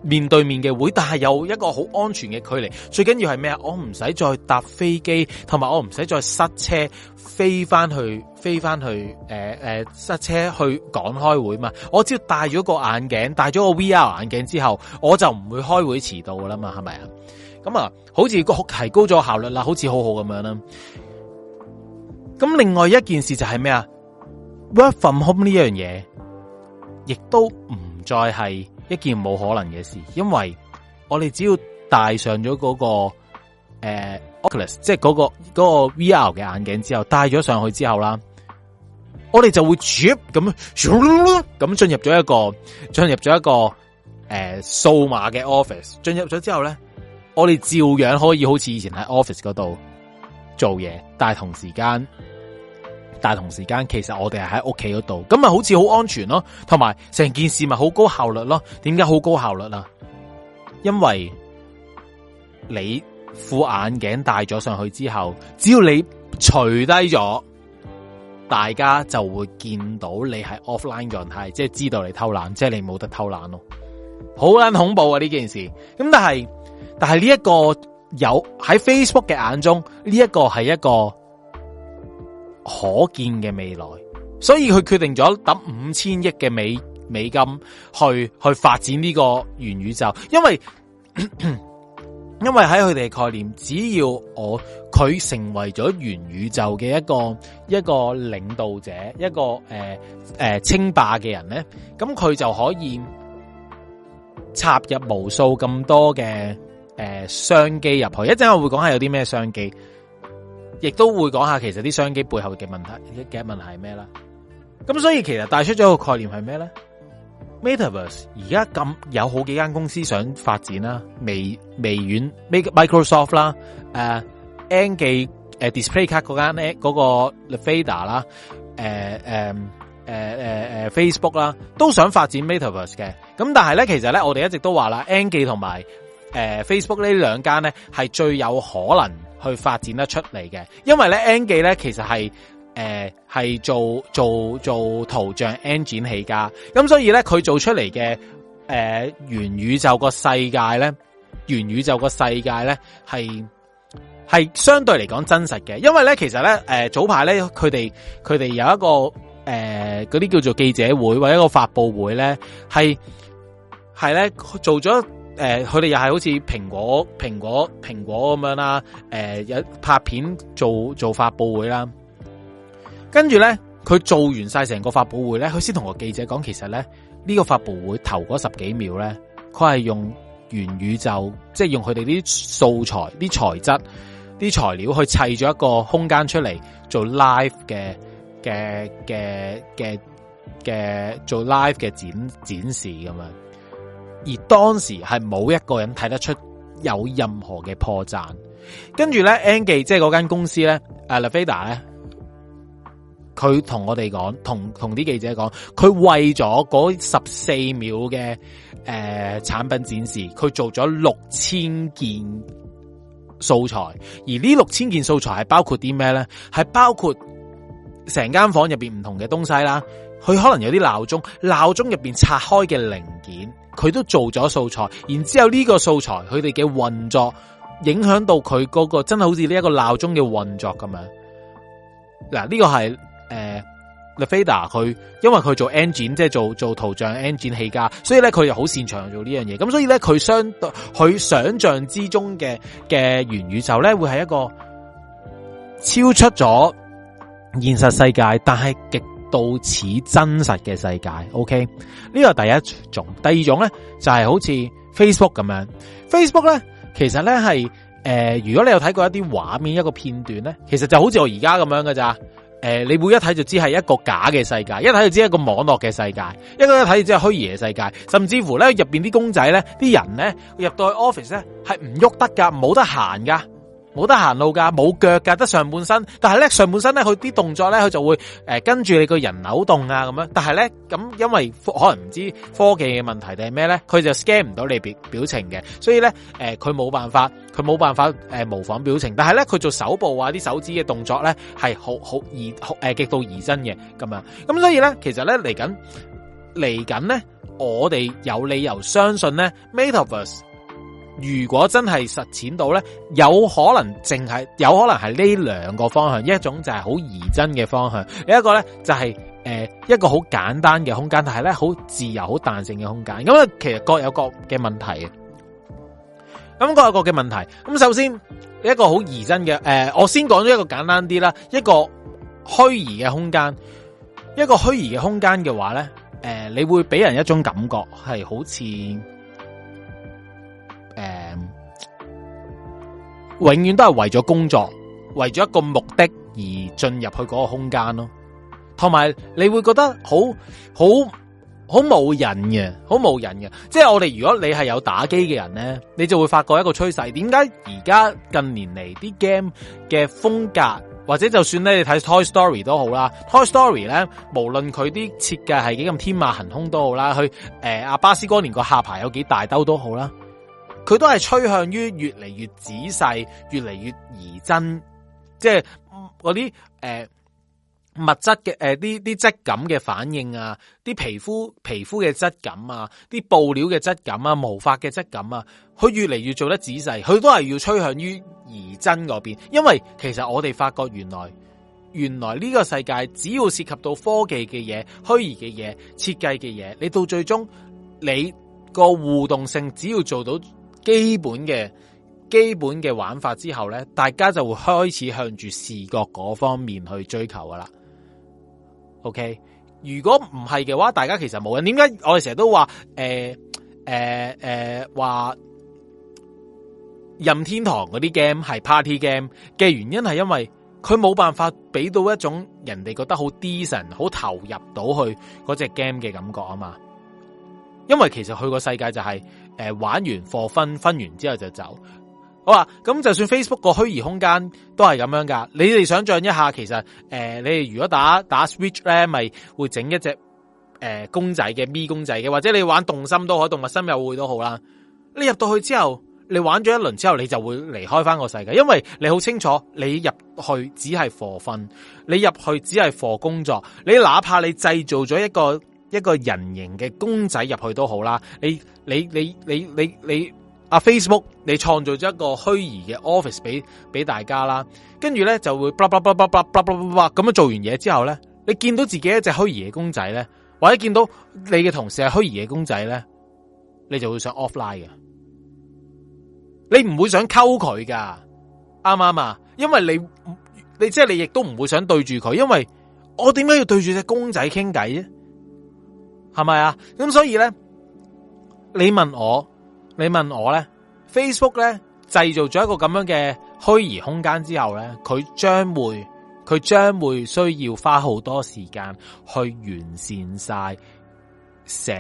面對面嘅會，但係有一個好安全嘅距離，最緊要係咩啊？我唔使再搭飛機，同埋我唔使再塞車飛翻去，飛翻去誒誒、呃呃、塞車去趕開會嘛？我只要戴咗個眼鏡，戴咗個 V R 眼鏡之後，我就唔會開會遲到㗎啦嘛？係咪啊？咁啊，好似提高咗效率啦，好似好好咁樣啦。咁另外一件事就係咩啊？Work from home 呢樣嘢，亦都唔再係。一件冇可能嘅事，因為我哋只要戴上咗嗰個誒、呃、Oculus，即係嗰個嗰個 VR 嘅眼鏡之後，戴咗上去之後啦，我哋就會 jump 咁咁進入咗一個進入咗一個誒、呃、數碼嘅 office，進入咗之後咧，我哋照樣可以好似以前喺 office 度做嘢，但係同時間。但同時間，其實我哋係喺屋企嗰度，咁咪好似好安全咯，同埋成件事咪好高效率咯？點解好高效率啊？因為你副眼鏡戴咗上去之後，只要你除低咗，大家就會見到你係 offline 狀態，即係知道你偷懶，即係你冇得偷懶咯。好捻恐怖啊！呢件事，咁但係但係呢一個有喺 Facebook 嘅眼中，呢一個係一個。可見嘅未來，所以佢決定咗抌五千億嘅美美金去去發展呢個元宇宙，因為咳咳因為喺佢哋概念，只要我佢成為咗元宇宙嘅一個一個領導者，一個誒誒稱霸嘅人呢，咁佢就可以插入無數咁多嘅誒、呃、商機入去，一陣我會講下有啲咩商機。亦都會講下其實啲商機背後嘅問題，嘅 get 問題係咩啦？咁所以其實帶出咗個概念係咩咧？Metaverse 而家咁有好幾間公司想發展啦，微微軟、Microsoft 啦、uh, uh,，誒，N 記誒，display 卡嗰間咧，嗰個 Fader 啦，誒誒誒誒誒，Facebook 啦，都想發展 Metaverse 嘅。咁但係咧，其實咧，我哋一直都話啦，N 記同埋誒 Facebook 兩呢兩間咧係最有可能。去發展得出嚟嘅，因為咧 N 記咧其實係誒係做做做圖像 engine 起家，咁所以咧佢做出嚟嘅誒元宇宙個世界咧，元宇宙個世界咧係係相對嚟講真實嘅，因為咧其實咧誒、呃、早排咧佢哋佢哋有一個誒嗰啲叫做記者會或者一個發佈會咧係係咧做咗。誒、呃，佢哋又係好似蘋果、蘋果、蘋果咁樣啦，啊。誒、呃，有拍片做做發布會啦。跟住咧，佢做完晒成個發布會咧，佢先同個記者講，其實咧呢個發布會頭嗰十幾秒咧，佢係用元宇宙，即係用佢哋啲素材、啲材質、啲材料去砌咗一個空間出嚟做 live 嘅嘅嘅嘅嘅做 live 嘅展展示咁樣。而當時係冇一個人睇得出有任何嘅破綻呢，跟住咧 a n g i 即係嗰間公司咧，誒，Lefida 咧，佢同我哋講，同同啲記者講，佢為咗嗰十四秒嘅誒、呃、產品展示，佢做咗六千件素材，而呢六千件素材係包括啲咩咧？係包括成間房入邊唔同嘅東西啦。佢可能有啲鬧鐘，鬧鐘入邊拆開嘅零件，佢都做咗素材。然之後呢個素材，佢哋嘅運作影響到佢嗰個真係好似呢一個鬧鐘嘅運作咁樣。嗱、這個，呢個係誒 NVIDIA 佢因為佢做 engine，即係做做圖像 engine 起家，所以咧佢又好擅長做呢樣嘢。咁所以咧佢相對佢想象之中嘅嘅元宇宙咧，會係一個超出咗現實世界，但係極。到此真實嘅世界，OK？呢個第一種，第二種咧就係、是、好似 Facebook 咁樣。Facebook 咧其實咧係誒，如果你有睇過一啲畫面一個片段咧，其實就好似我而家咁樣嘅咋？誒、呃，你每一睇就知係一個假嘅世界，一睇就知係一個網絡嘅世界，一個一睇就知係虛擬嘅世界，甚至乎咧入邊啲公仔咧，啲人咧入到去 office 咧係唔喐得噶，冇得閒噶。冇得行路噶，冇腳噶，得上半身。但係咧，上半身咧，佢啲動作咧，佢就會誒跟住你個人扭動啊咁樣。但係咧，咁因為可能唔知科技嘅問題定係咩咧，佢就 scan 唔到你表表情嘅，所以咧誒佢冇辦法，佢冇辦法誒模仿表情。但係咧，佢做手部啊啲手指嘅動作咧係好好而誒極度擬真嘅咁樣。咁所以咧，其實咧嚟緊嚟緊咧，我哋有理由相信咧，Metaverse。如果真係實踐到呢，有可能淨係有可能係呢兩個方向，一種就係好疑真嘅方向，另一個呢，就係，就係誒一個好簡單嘅空間，但係呢，好自由、好彈性嘅空間。咁啊，其實各有各嘅問題。咁各有各嘅問題。咁首先一個好疑真嘅，誒、呃，我先講咗一個簡單啲啦，一個虛擬嘅空間，一個虛擬嘅空間嘅話呢，誒、呃，你會俾人一種感覺係好似。永遠都係為咗工作，為咗一個目的而進入去嗰個空間咯。同埋你會覺得好好好冇人嘅，好冇人嘅。即係我哋如果你係有打機嘅人咧，你就會發覺一個趨勢。點解而家近年嚟，啲 game 嘅風格，或者就算咧你睇 Toy Story 都好啦 ，Toy Story 咧，無論佢啲設計係幾咁天馬行空都好啦，佢誒，阿巴斯光年個下排有幾大兜都好啦。佢都係趨向於越嚟越仔細，越嚟越疑真，即係嗰啲誒物質嘅誒呢啲質感嘅反應啊，啲皮膚皮膚嘅質感啊，啲布料嘅質感啊，毛髮嘅質感啊，佢越嚟越做得仔細，佢都係要趨向於疑真嗰邊，因為其實我哋發覺原來原來呢個世界只要涉及到科技嘅嘢、虛擬嘅嘢、設計嘅嘢，你到最終你個互動性只要做到。基本嘅基本嘅玩法之後咧，大家就會開始向住視覺嗰方面去追求噶啦。OK，如果唔係嘅話，大家其實冇人。點解我哋成日都話誒誒誒話任天堂嗰啲 game 係 party game 嘅原因係因為佢冇辦法俾到一種人哋覺得好 decent 好投入到去嗰隻 game 嘅感覺啊嘛。因為其實佢個世界就係、是。誒，玩完 for fun，fun 完之後就走好。好啊，咁就算 Facebook 個虛擬空間都係咁樣噶。你哋想象一下，其實誒、呃，你哋如果打打 Switch 咧，咪會整一隻誒、呃、公仔嘅，咪公仔嘅，或者你玩動森都可以，動物森友會都好啦。你入到去之後，你玩咗一輪之後，你就會離開翻個世界，因為你好清楚，你入去只係 for fun，你入去只係 for 工作，你哪怕你製造咗一個。一個人形嘅公仔入去都好啦，你你你你你你，你，你 Facebook，你創造咗一個虛擬嘅 office 俾俾大家啦，跟住咧就會，咁樣做完嘢之後咧，你見到自己一隻虛擬嘅公仔咧，或者見到你嘅同事係虛擬嘅公仔咧，你就會想 offline 嘅，你唔會想溝佢噶，啱唔啱啊？因為你你即係你亦都唔會想對住佢，因為我點解要對住隻公仔傾偈咧？係咪啊？咁所以咧，你問我，你問我咧，Facebook 咧製造咗一個咁樣嘅虛擬空間之後咧，佢將會佢將會需要花好多時間去完善晒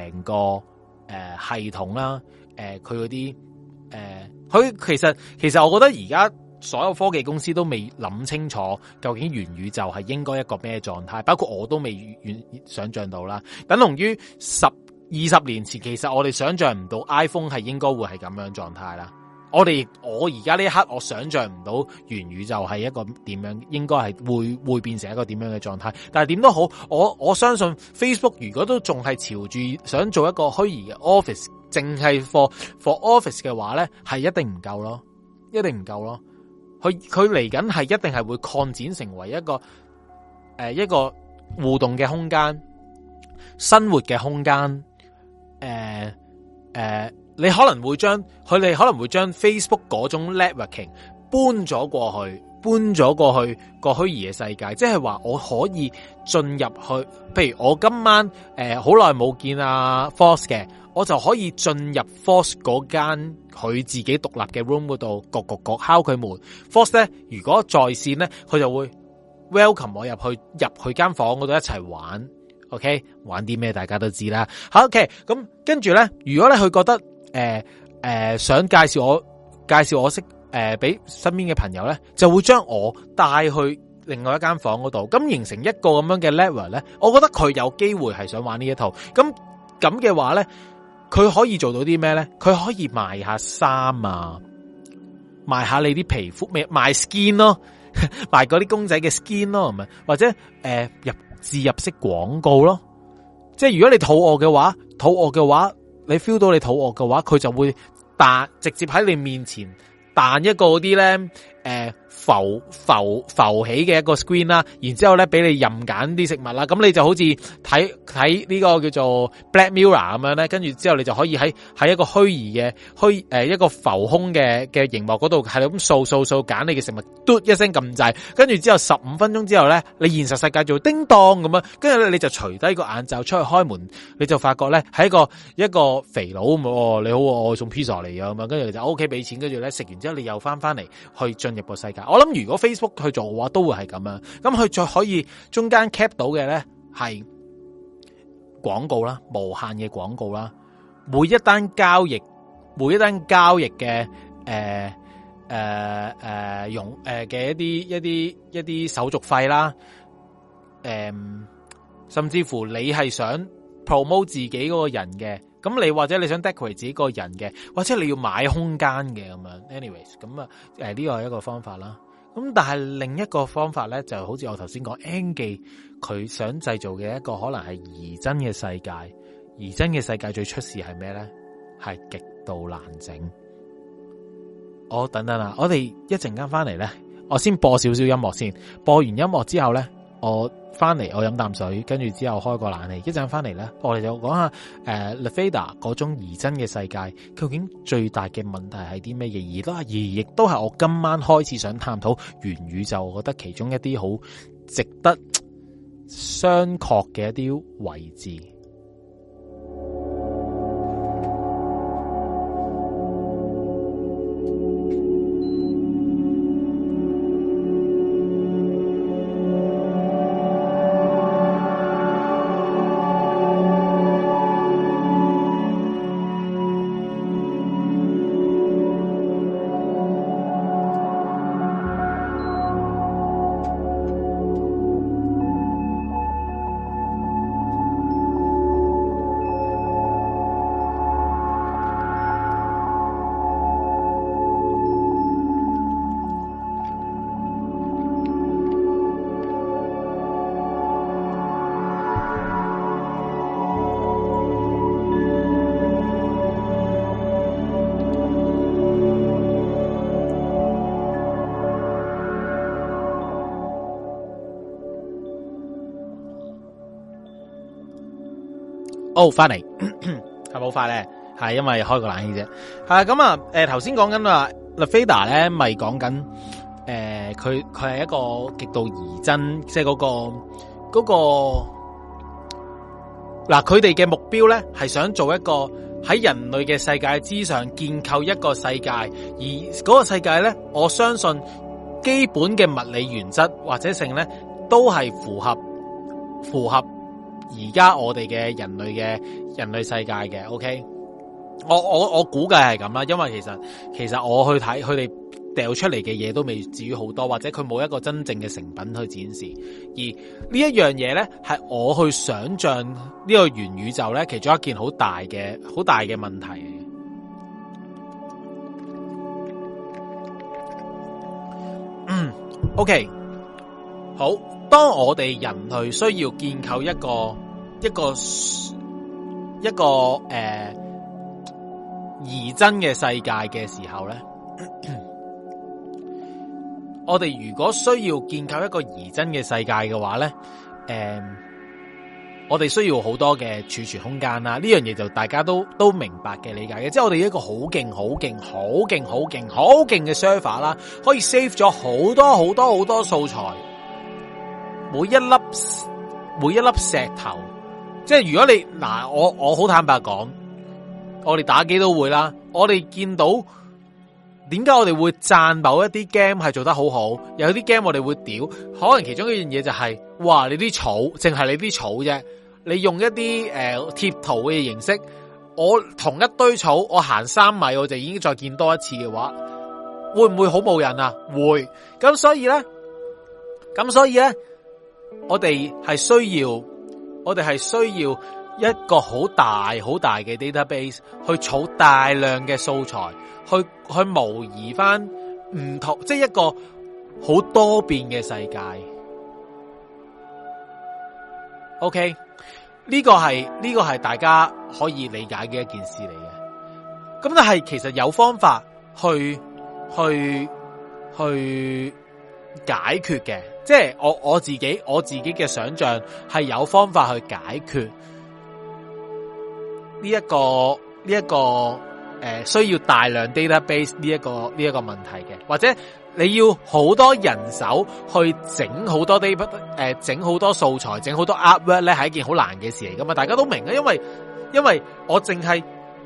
成個誒、呃、系統啦，誒佢嗰啲誒佢其實其實我覺得而家。所有科技公司都未諗清楚究竟元宇宙係應該一個咩狀態，包括我都未想象到啦。等同於十二十年前，其實我哋想象唔到 iPhone 係應該會係咁樣的狀態啦。我哋我而家呢一刻，我想象唔到元宇宙係一個點樣，應該係會會變成一個點樣嘅狀態。但係點都好，我我相信 Facebook 如果都仲係朝住想做一個虛擬嘅 Office，淨係 for for Office 嘅話咧，係一定唔夠咯，一定唔夠咯。佢佢嚟緊係一定係會擴展成為一個誒、呃、一個互動嘅空間、生活嘅空間。誒、呃、誒、呃，你可能會將佢哋可能會將 Facebook 嗰種 networking 搬咗過去，搬咗過去，過去個虛擬嘅世界，即係話我可以進入去。譬如我今晚誒好耐冇見啊 Force 嘅。我就可以進入 Force 嗰間佢自己獨立嘅 room 嗰度，個個個敲佢門。Force 咧，如果在線咧，佢就會 welcome 我入去入佢間房嗰度一齊玩。OK，玩啲咩大家都知啦。好，OK，咁跟住咧，如果咧佢覺得誒、呃呃、想介紹我介紹我識誒俾、呃、身邊嘅朋友咧，就會將我帶去另外一間房嗰度，咁形成一個咁樣嘅 level 咧。我覺得佢有機會係想玩呢一套。咁咁嘅話咧。佢可以做到啲咩咧？佢可以賣下衫啊，賣下你啲皮膚咩賣 skin 咯，賣嗰啲公仔嘅 skin 咯，咁咪？或者誒、呃、入字入式廣告咯，即係如果你肚餓嘅話，肚餓嘅話，你 feel 到你肚餓嘅話，佢就會彈直接喺你面前彈一個啲咧誒。呃浮浮浮起嘅一個 screen 啦，然之後咧俾你任揀啲食物啦，咁你就好似睇睇呢個叫做 Black Mirror 咁樣咧，跟住之後你就可以喺喺一個虛擬嘅虛誒、呃、一個浮空嘅嘅熒幕度係咁掃掃掃揀你嘅食物，嘟一聲撳掣，跟住之後十五分鐘之後咧，你現實世界就叮當咁樣，跟住咧你就除低個眼罩出去開門，你就發覺咧係一個一個肥佬、哦，你好，我送 pizza 嚟啊咁樣，跟住就 OK 俾錢，跟住咧食完之後你又翻翻嚟去進入個世界，我。我諗如果 Facebook 去做嘅話，都會係咁樣。咁佢再可以中間 cap 到嘅咧，係廣告啦，無限嘅廣告啦。每一單交易，每一單交易嘅誒誒誒用誒嘅一啲一啲一啲手續費啦。誒，甚至乎你係想 promote 自己嗰個人嘅，咁你或者你想 decorate 自己個人嘅，或者你要買空間嘅咁樣。Anyways，咁啊，誒呢個係一個方法啦。咁但係另一個方法呢，就好似我頭先講，NG 佢想製造嘅一個可能係擬真嘅世界，擬真嘅世界最出事係咩呢？係極度難整。我、oh, 等等啊，我哋一陣間返嚟呢，我先播少少音樂先，播完音樂之後呢。我翻嚟，我飲啖水，跟住之後開個冷氣。一陣翻嚟咧，我哋就講下誒 l e d a 嗰種疑真嘅世界，究竟最大嘅問題係啲咩嘢？而，而都而亦都係我今晚開始想探討元宇宙，我覺得其中一啲好值得商榷嘅一啲位置。哦、oh，翻嚟係冇法咧，係 因為開個冷氣啫。係咁啊，誒，頭先講緊啊，拉菲達咧，咪講緊誒，佢佢係一個極度疑真，即係嗰個嗰個嗱，佢哋嘅目標咧，係想做一個喺人類嘅世界之上建構一個世界，而嗰個世界咧，我相信基本嘅物理原則或者性咧，都係符合符合。符合而家我哋嘅人類嘅人類世界嘅，OK，我我我估計係咁啦，因為其實其實我去睇佢哋掉出嚟嘅嘢都未至於好多，或者佢冇一個真正嘅成品去展示。而呢一樣嘢咧，係我去想象呢個元宇宙咧，其中一件好大嘅好大嘅問題。嗯，OK，好。當我哋人類需要建構一個一個一個誒擬、呃、真嘅世界嘅時候咧，我哋如果需要建構一個擬真嘅世界嘅話咧，誒、呃，我哋需要好多嘅儲存空間啦。呢樣嘢就大家都都明白嘅理解嘅，即係我哋一個好勁、好勁、好勁、好勁、好勁嘅 server 啦，可以 save 咗好多好多好多素材。每一粒每一粒石頭，即係如果你嗱，我我好坦白講，我哋打機都會啦。我哋見到點解我哋會讚某一啲 game 係做得好好，有啲 game 我哋會屌。可能其中一樣嘢就係、是，哇！你啲草淨係你啲草啫，你用一啲誒貼圖嘅形式，我同一堆草，我行三米，我就已經再見多一次嘅話，會唔會好冇人啊？會咁，咁所以咧，咁所以咧。我哋係需要，我哋係需要一個好大、好大嘅 database 去儲大量嘅素材，去去模擬翻唔同，即係一個好多變嘅世界。OK，呢個係呢個係大家可以理解嘅一件事嚟嘅。咁但係，其實有方法去去去解決嘅。即、就、係、是、我我自己我自己嘅想象係有方法去解決呢、這、一個呢一、這個誒、呃、需要大量 database 呢、這、一個呢一、這個問題嘅，或者你要好多人手去整好多 database 誒、呃、整好多素材，整好多 artwork 咧係一件好難嘅事嚟噶嘛，大家都明啊，因為因為我淨係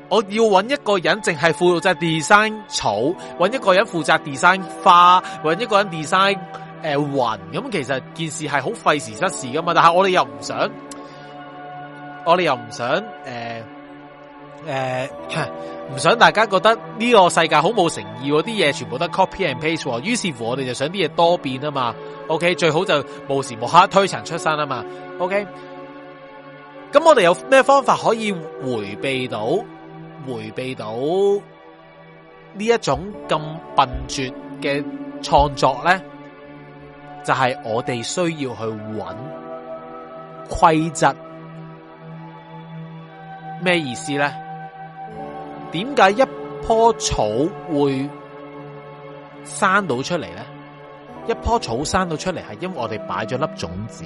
我要揾一個人淨係負責 design 草，揾一個人負責 design 花，揾一個人 design。誒、呃，暈咁其實件事係好費時失事噶嘛，但係我哋又唔想，我哋又唔想，誒、呃、誒，唔、呃、想大家覺得呢個世界好冇誠意，啲嘢全部得 copy and paste。於是乎，我哋就想啲嘢多變啊嘛，OK，最好就無時無刻推陳出新啊嘛，OK。咁我哋有咩方法可以回避到回避到呢一種咁笨拙嘅創作咧？就係、是、我哋需要去揾規則，咩意思咧？點解一棵草會生到出嚟咧？一棵草生到出嚟係因為我哋擺咗粒種子。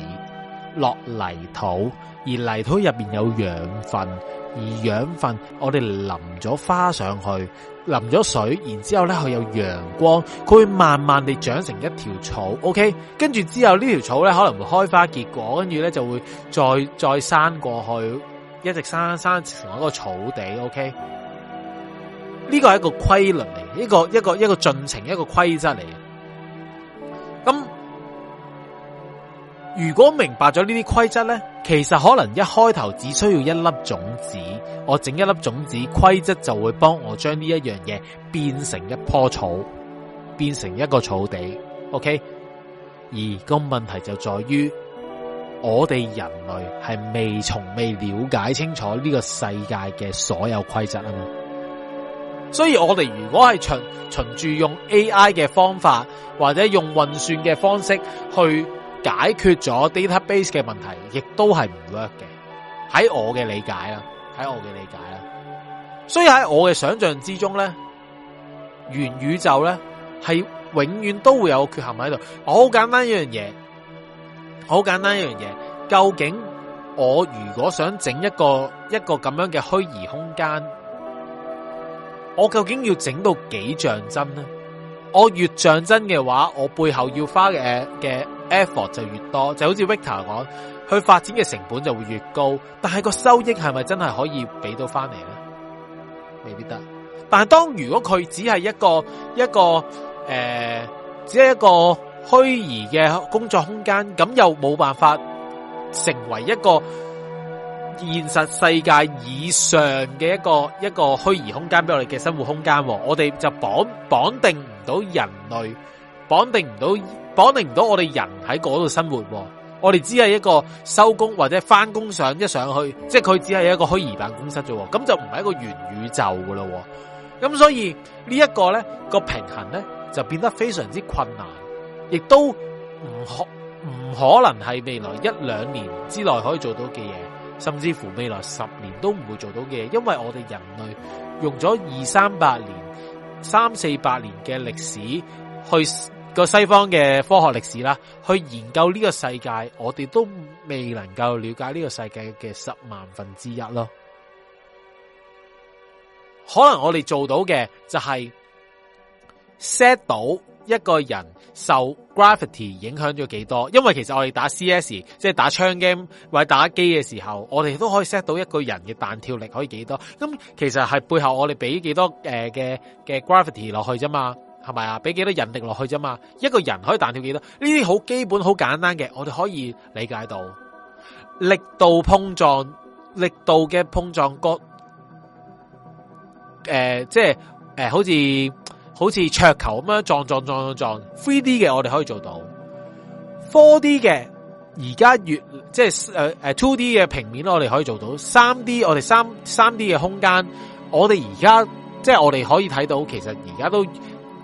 落泥土，而泥土入面有養分，而養分我哋淋咗花上去，淋咗水，然之後咧佢有陽光，佢會慢慢地長成一條草。OK，跟住之後呢條草咧可能會開花結果，跟住咧就會再再生過去，一直生生成一個草地。OK，呢個係一個規律嚟，一個一個一個進程，一個規則嚟。如果明白咗呢啲規則咧，其實可能一開頭只需要一粒種子，我整一粒種子，規則就會幫我將呢一樣嘢變成一棵草，變成一個草地。OK，而個問題就在於我哋人類係未從未了解清楚呢個世界嘅所有規則啊嘛，所以我哋如果係循循住用 AI 嘅方法或者用運算嘅方式去。解決咗 database 嘅問題，亦都係唔 work 嘅。喺我嘅理解啦，喺我嘅理解啦。所以喺我嘅想象之中咧，元宇宙咧係永遠都會有缺陷喺度。我好簡單一樣嘢，好簡單一樣嘢。究竟我如果想整一個一個咁樣嘅虛擬空間，我究竟要整到幾像真呢？我越像真嘅話，我背後要花嘅嘅。的 Effort 就越多，就好似 Victor 講，佢發展嘅成本就會越高，但係個收益係咪真係可以俾到翻嚟咧？未必得。但係當如果佢只係一個一個誒、呃，只係一個虛擬嘅工作空間，咁又冇辦法成為一個現實世界以上嘅一個一個虛擬空間俾我哋嘅生活空間，我哋就綁綁定唔到人類。綁定唔到，綁定唔到我哋人喺嗰度生活。我哋只係一個收工或者翻工上，上一上去，即係佢只係一個虛擬辦公室啫。咁就唔係一個元宇宙噶啦。咁所以呢一個咧，個平衡咧，就變得非常之困難，亦都唔可唔可能係未來一兩年之內可以做到嘅嘢，甚至乎未來十年都唔會做到嘅嘢，因為我哋人類用咗二三百年、三四百年嘅歷史去。個西方嘅科學歷史啦，去研究呢個世界，我哋都未能夠了解呢個世界嘅十萬分之一咯。可能我哋做到嘅就係 set 到一個人受 gravity 影響咗幾多，因為其實我哋打 CS 即係打槍 game 或者打機嘅時候，我哋都可以 set 到一個人嘅彈跳力可以幾多。咁其實係背後我哋俾幾多誒嘅嘅 gravity 落去啫嘛。係咪啊？俾幾多人力落去啫嘛？一個人可以彈跳幾多？呢啲好基本、好簡單嘅，我哋可以理解到。力度碰撞、力度嘅碰撞，角，誒、呃，即係誒、呃，好似好似桌球咁樣撞撞撞撞。three D 嘅我哋可以做到，four D 嘅而家越即係誒誒 two D 嘅平面我哋可以做到。三 D 我哋三三 D 嘅空間，我哋而家即係我哋可以睇到，其實而家都。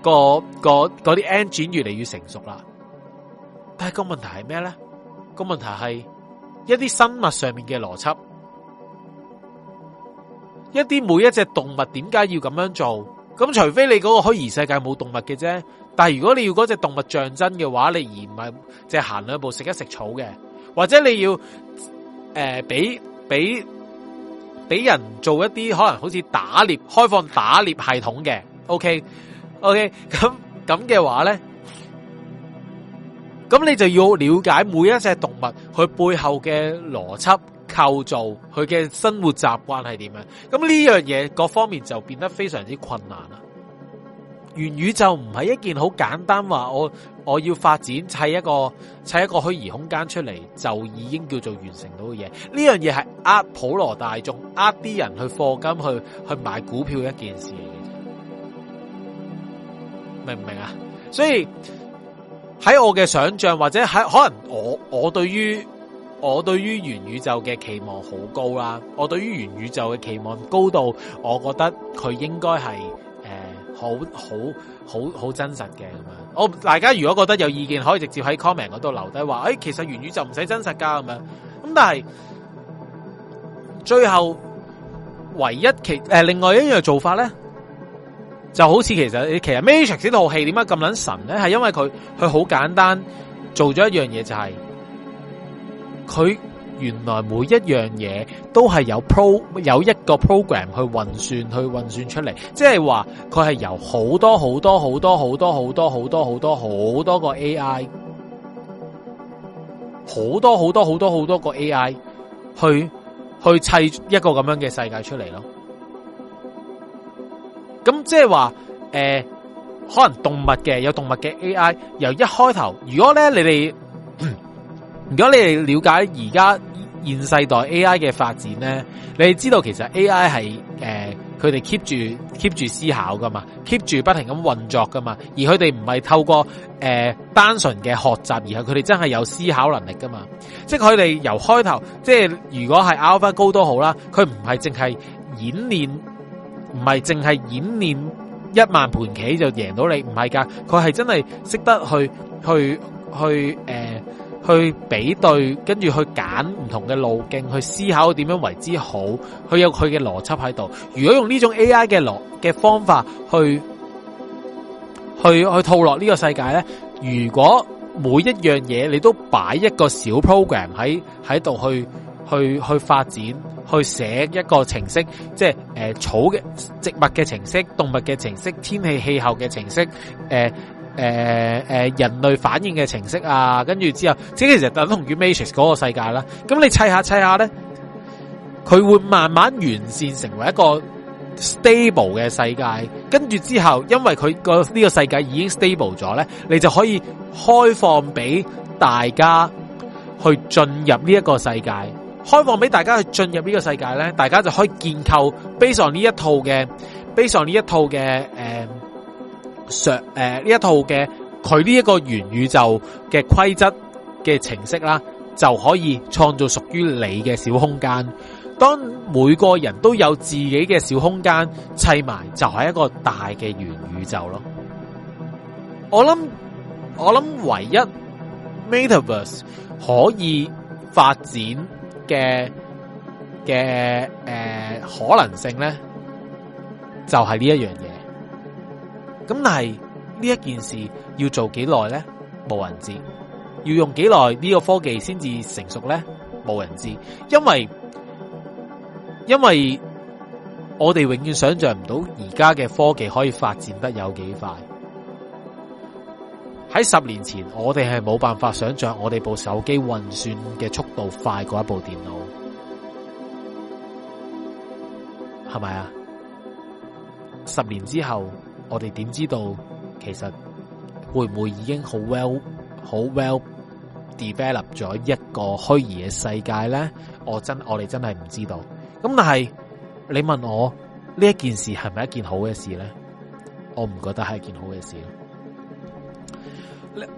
那個個啲 engine 越嚟越成熟啦，但係個問題係咩咧？個問題係一啲生物上面嘅邏輯，一啲每一隻動物點解要咁樣做？咁除非你嗰個虛擬世界冇動物嘅啫，但係如果你要嗰隻動物象徵嘅話，你而唔係即係行兩步食一食草嘅，或者你要誒俾俾俾人做一啲可能好似打獵開放打獵系統嘅，OK。O K，咁咁嘅話咧，咁你就要了解每一隻動物佢背後嘅邏輯、構造、佢嘅生活習慣係點樣。咁呢樣嘢各方面就變得非常之困難啦。元宇宙唔係一件好簡單，話我我要發展砌一個砌一個虛擬空間出嚟，就已經叫做完成到嘅嘢。呢樣嘢係呃普羅大眾，呃啲人去課金去去買股票一件事。明唔明啊？所以喺我嘅想象，或者喺可能我我對於我對於元宇宙嘅期望好高啦。我對於元宇宙嘅期、期望高到，我覺得佢應該係誒、呃、好好好好真實嘅咁樣。我大家如果覺得有意見，可以直接喺 comment 嗰度留低話，誒、哎，其實元宇宙唔使真實噶咁樣。咁但係最後唯一其誒、呃，另外一樣做法咧。就好似其實其實 Matrix 套戲麼，麼呢套戲點解咁撚神咧？係因為佢佢好簡單做咗一樣嘢，就係，就係佢原來每一樣嘢都係有 pro 有一個 program 去運算去運算出嚟。即係話佢係由好多好多好多好多好多好多好多好多好多好多個 AI，好多好多好多好多個 AI 去去砌一個咁樣嘅世界出嚟咯。咁即係話，誒、呃，可能動物嘅有動物嘅 A.I. 由一開頭，如果咧你哋、嗯，如果你哋了解而家現世代 A.I. 嘅發展咧，你哋知道其實 A.I. 係誒佢哋 keep 住 keep 住思考噶嘛，keep 住不停咁運作噶嘛，而佢哋唔係透過誒、呃、單純嘅學習，而係佢哋真係有思考能力噶嘛，即係佢哋由開頭，即係如果係 alpha 高都好啦，佢唔係淨係演練。唔係淨係演練一萬盤棋就贏到你，唔係噶，佢係真係識得去去去誒、呃，去比對，跟住去揀唔同嘅路徑，去思考點樣為之好，佢有佢嘅邏輯喺度。如果用呢種 A I 嘅邏嘅方法去去去套落呢個世界咧，如果每一樣嘢你都擺一個小 program 喺喺度去去去發展。去寫一個程式，即係誒、呃、草嘅植物嘅程式，動物嘅程式，天氣氣候嘅程式，誒誒誒人類反應嘅程式啊，跟住之後，即係其實等同於 Matrix 嗰個世界啦。咁你砌下砌下咧，佢會慢慢完善成為一個 stable 嘅世界。跟住之後，因為佢個呢個世界已經 stable 咗咧，你就可以開放俾大家去進入呢一個世界。開放俾大家去進入呢個世界咧，大家就可以建構 base on 呢一套嘅 base on 呢一套嘅，誒上誒呢一套嘅佢呢一個元宇宙嘅規則嘅程式啦，就可以創造屬於你嘅小空間。當每個人都有自己嘅小空間砌埋，就係一個大嘅元宇宙咯。我諗我諗唯一 Metaverse 可以發展。嘅嘅誒，可能性咧就係呢一樣嘢。咁但係呢一件事要做幾耐咧，冇人知；要用幾耐呢個科技先至成熟咧，冇人知。因為因為我哋永遠想象唔到而家嘅科技可以發展得有幾快。喺十年前，我哋係冇辦法想象我哋部手機運算嘅速度快過一部電腦，係咪啊？十年之後，我哋點知道其實會唔會已經好 well 好 well develop 咗一個虛擬嘅世界咧？我真我哋真係唔知道。咁但係你問我呢一件事係咪一件好嘅事咧？我唔覺得係一件好嘅事。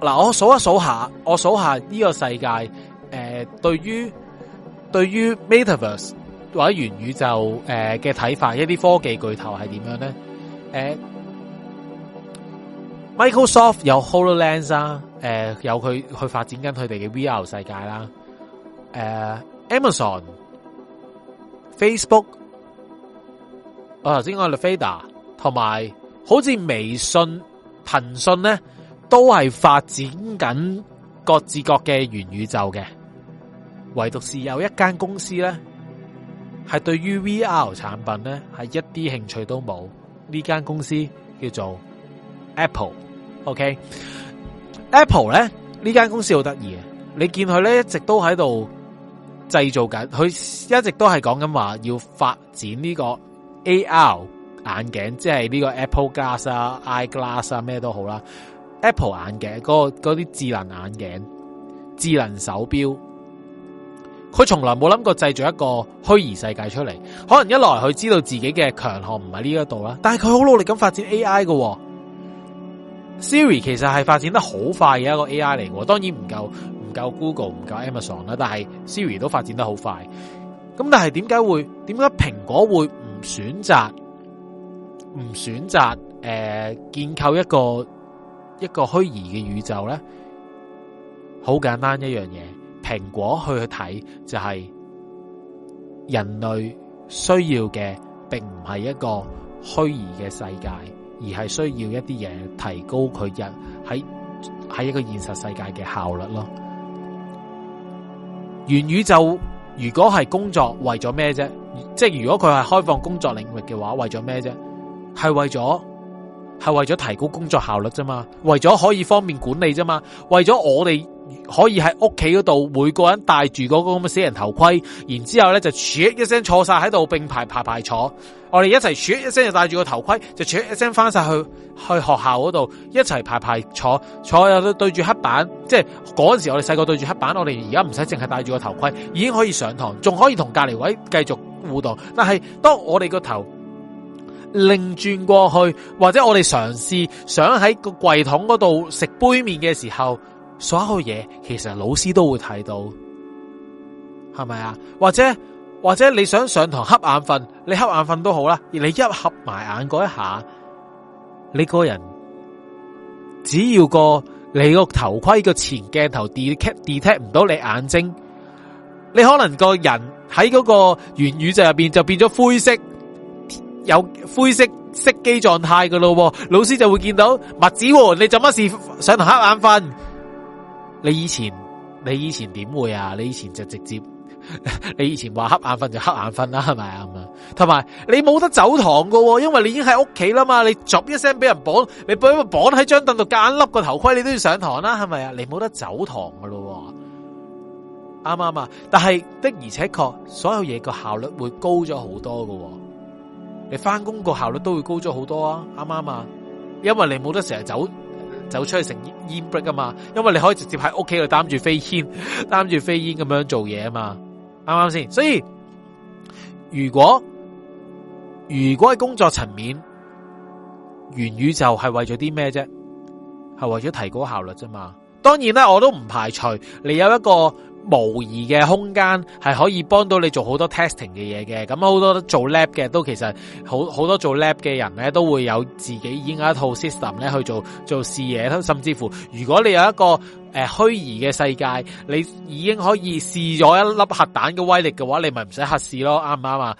嗱，我數一數下，我數下呢個世界，誒、呃，對於對於 Metaverse 或者元宇宙誒嘅睇法，一啲科技巨頭係點樣咧？誒、呃，Microsoft 有 HoloLens 啊，誒，有佢去發展緊佢哋嘅 VR 世界啦，誒、呃，Amazon、Facebook，我頭先講到 Fader 同埋好似微信、騰訊咧。都係發展緊各自各嘅元宇宙嘅，唯獨是有一間公司咧，係對於 VR 產品咧係一啲興趣都冇。呢間公司叫做 Apple，OK？Apple 咧、okay? Apple 呢間公司好得意嘅，你見佢咧一直都喺度製造緊，佢一直都係講緊話要發展呢個 AR 眼鏡，即係呢個 Apple Glass 啊、Eye Glass 啊，咩都好啦。Apple 眼鏡嗰、嗰個啲智能眼鏡、智能手錶，佢從來冇諗過製造一個虛擬世界出嚟。可能一來佢知道自己嘅強項唔喺呢一度啦，但係佢好努力咁發展 AI 嘅，哦。Siri 其實係發展得好快嘅一個 AI 嚟，當然唔夠唔夠 Google 唔夠 Amazon 啦，但係 Siri 都發展得好快。咁但係點解會點解蘋果會唔選擇唔選擇誒、呃、建構一個？一個虛擬嘅宇宙咧，好簡單一樣嘢。蘋果去去睇就係人類需要嘅，並唔係一個虛擬嘅世界，而係需要一啲嘢提高佢日喺喺一個現實世界嘅效率咯。元宇宙如果係工作為咗咩啫？即係如果佢係開放工作領域嘅話，為咗咩啫？係為咗。係為咗提高工作效率啫嘛，為咗可以方便管理啫嘛，為咗我哋可以喺屋企嗰度，每個人戴住嗰個咁嘅死人頭盔，然之後咧就 s 一聲坐晒喺度並排排排坐，我哋一齊 s 一聲就戴住個頭盔，就 s 一聲翻晒去去，去學校嗰度，一齊排排坐，坐又對住黑板，即係嗰陣時候我哋細個對住黑板，我哋而家唔使淨係戴住個頭盔，已經可以上堂，仲可以同隔籬位繼續互動。但係當我哋個頭。擰轉過去，或者我哋嘗試想喺個櫃桶嗰度食杯麵嘅時候，所有嘢其實老師都會睇到，係咪啊？或者或者你想上堂瞌眼瞓，你瞌眼瞓都好啦。而你一合埋眼嗰一下，你個人只要個你個頭盔個前鏡頭 detect 唔到你眼睛，你可能個人喺嗰個元宇宙入邊就變咗灰色。有灰色熄機狀態嘅咯，老師就會見到麥子，你做乜事上堂瞌眼瞓？ 你以前你以前點會啊？你以前就直接， 你以前話瞌眼瞓就瞌眼瞓啦，係咪啊？同埋你冇得走堂喎！因為你已經喺屋企啦嘛。你咗一聲俾人綁，你俾個綁喺張凳度夾粒笠個頭盔，你都要上堂啦，係咪啊？你冇得走堂嘅咯，啱唔啱啊？但係的而且確，所有嘢個效率會高咗好多喎。你翻工個效率都會高咗好多啊，啱唔啱啊？因為你冇得成日走走出去成煙 break 啊嘛，因為你可以直接喺屋企度擔住飛煙擔住飛煙咁樣做嘢啊嘛，啱唔啱先？所以如果如果喺工作層面元宇宙係為咗啲咩啫？係為咗提高效率啫嘛。當然啦，我都唔排除你有一個。模擬嘅空間係可以幫到你做好多 testing 嘅嘢嘅，咁好多做 lab 嘅都其實好好多做 lab 嘅人咧都會有自己已經有一套 system 咧去做做試嘢，甚至乎如果你有一個誒、呃、虛擬嘅世界，你已經可以試咗一粒核彈嘅威力嘅話，你咪唔使核試咯，啱唔啱啊？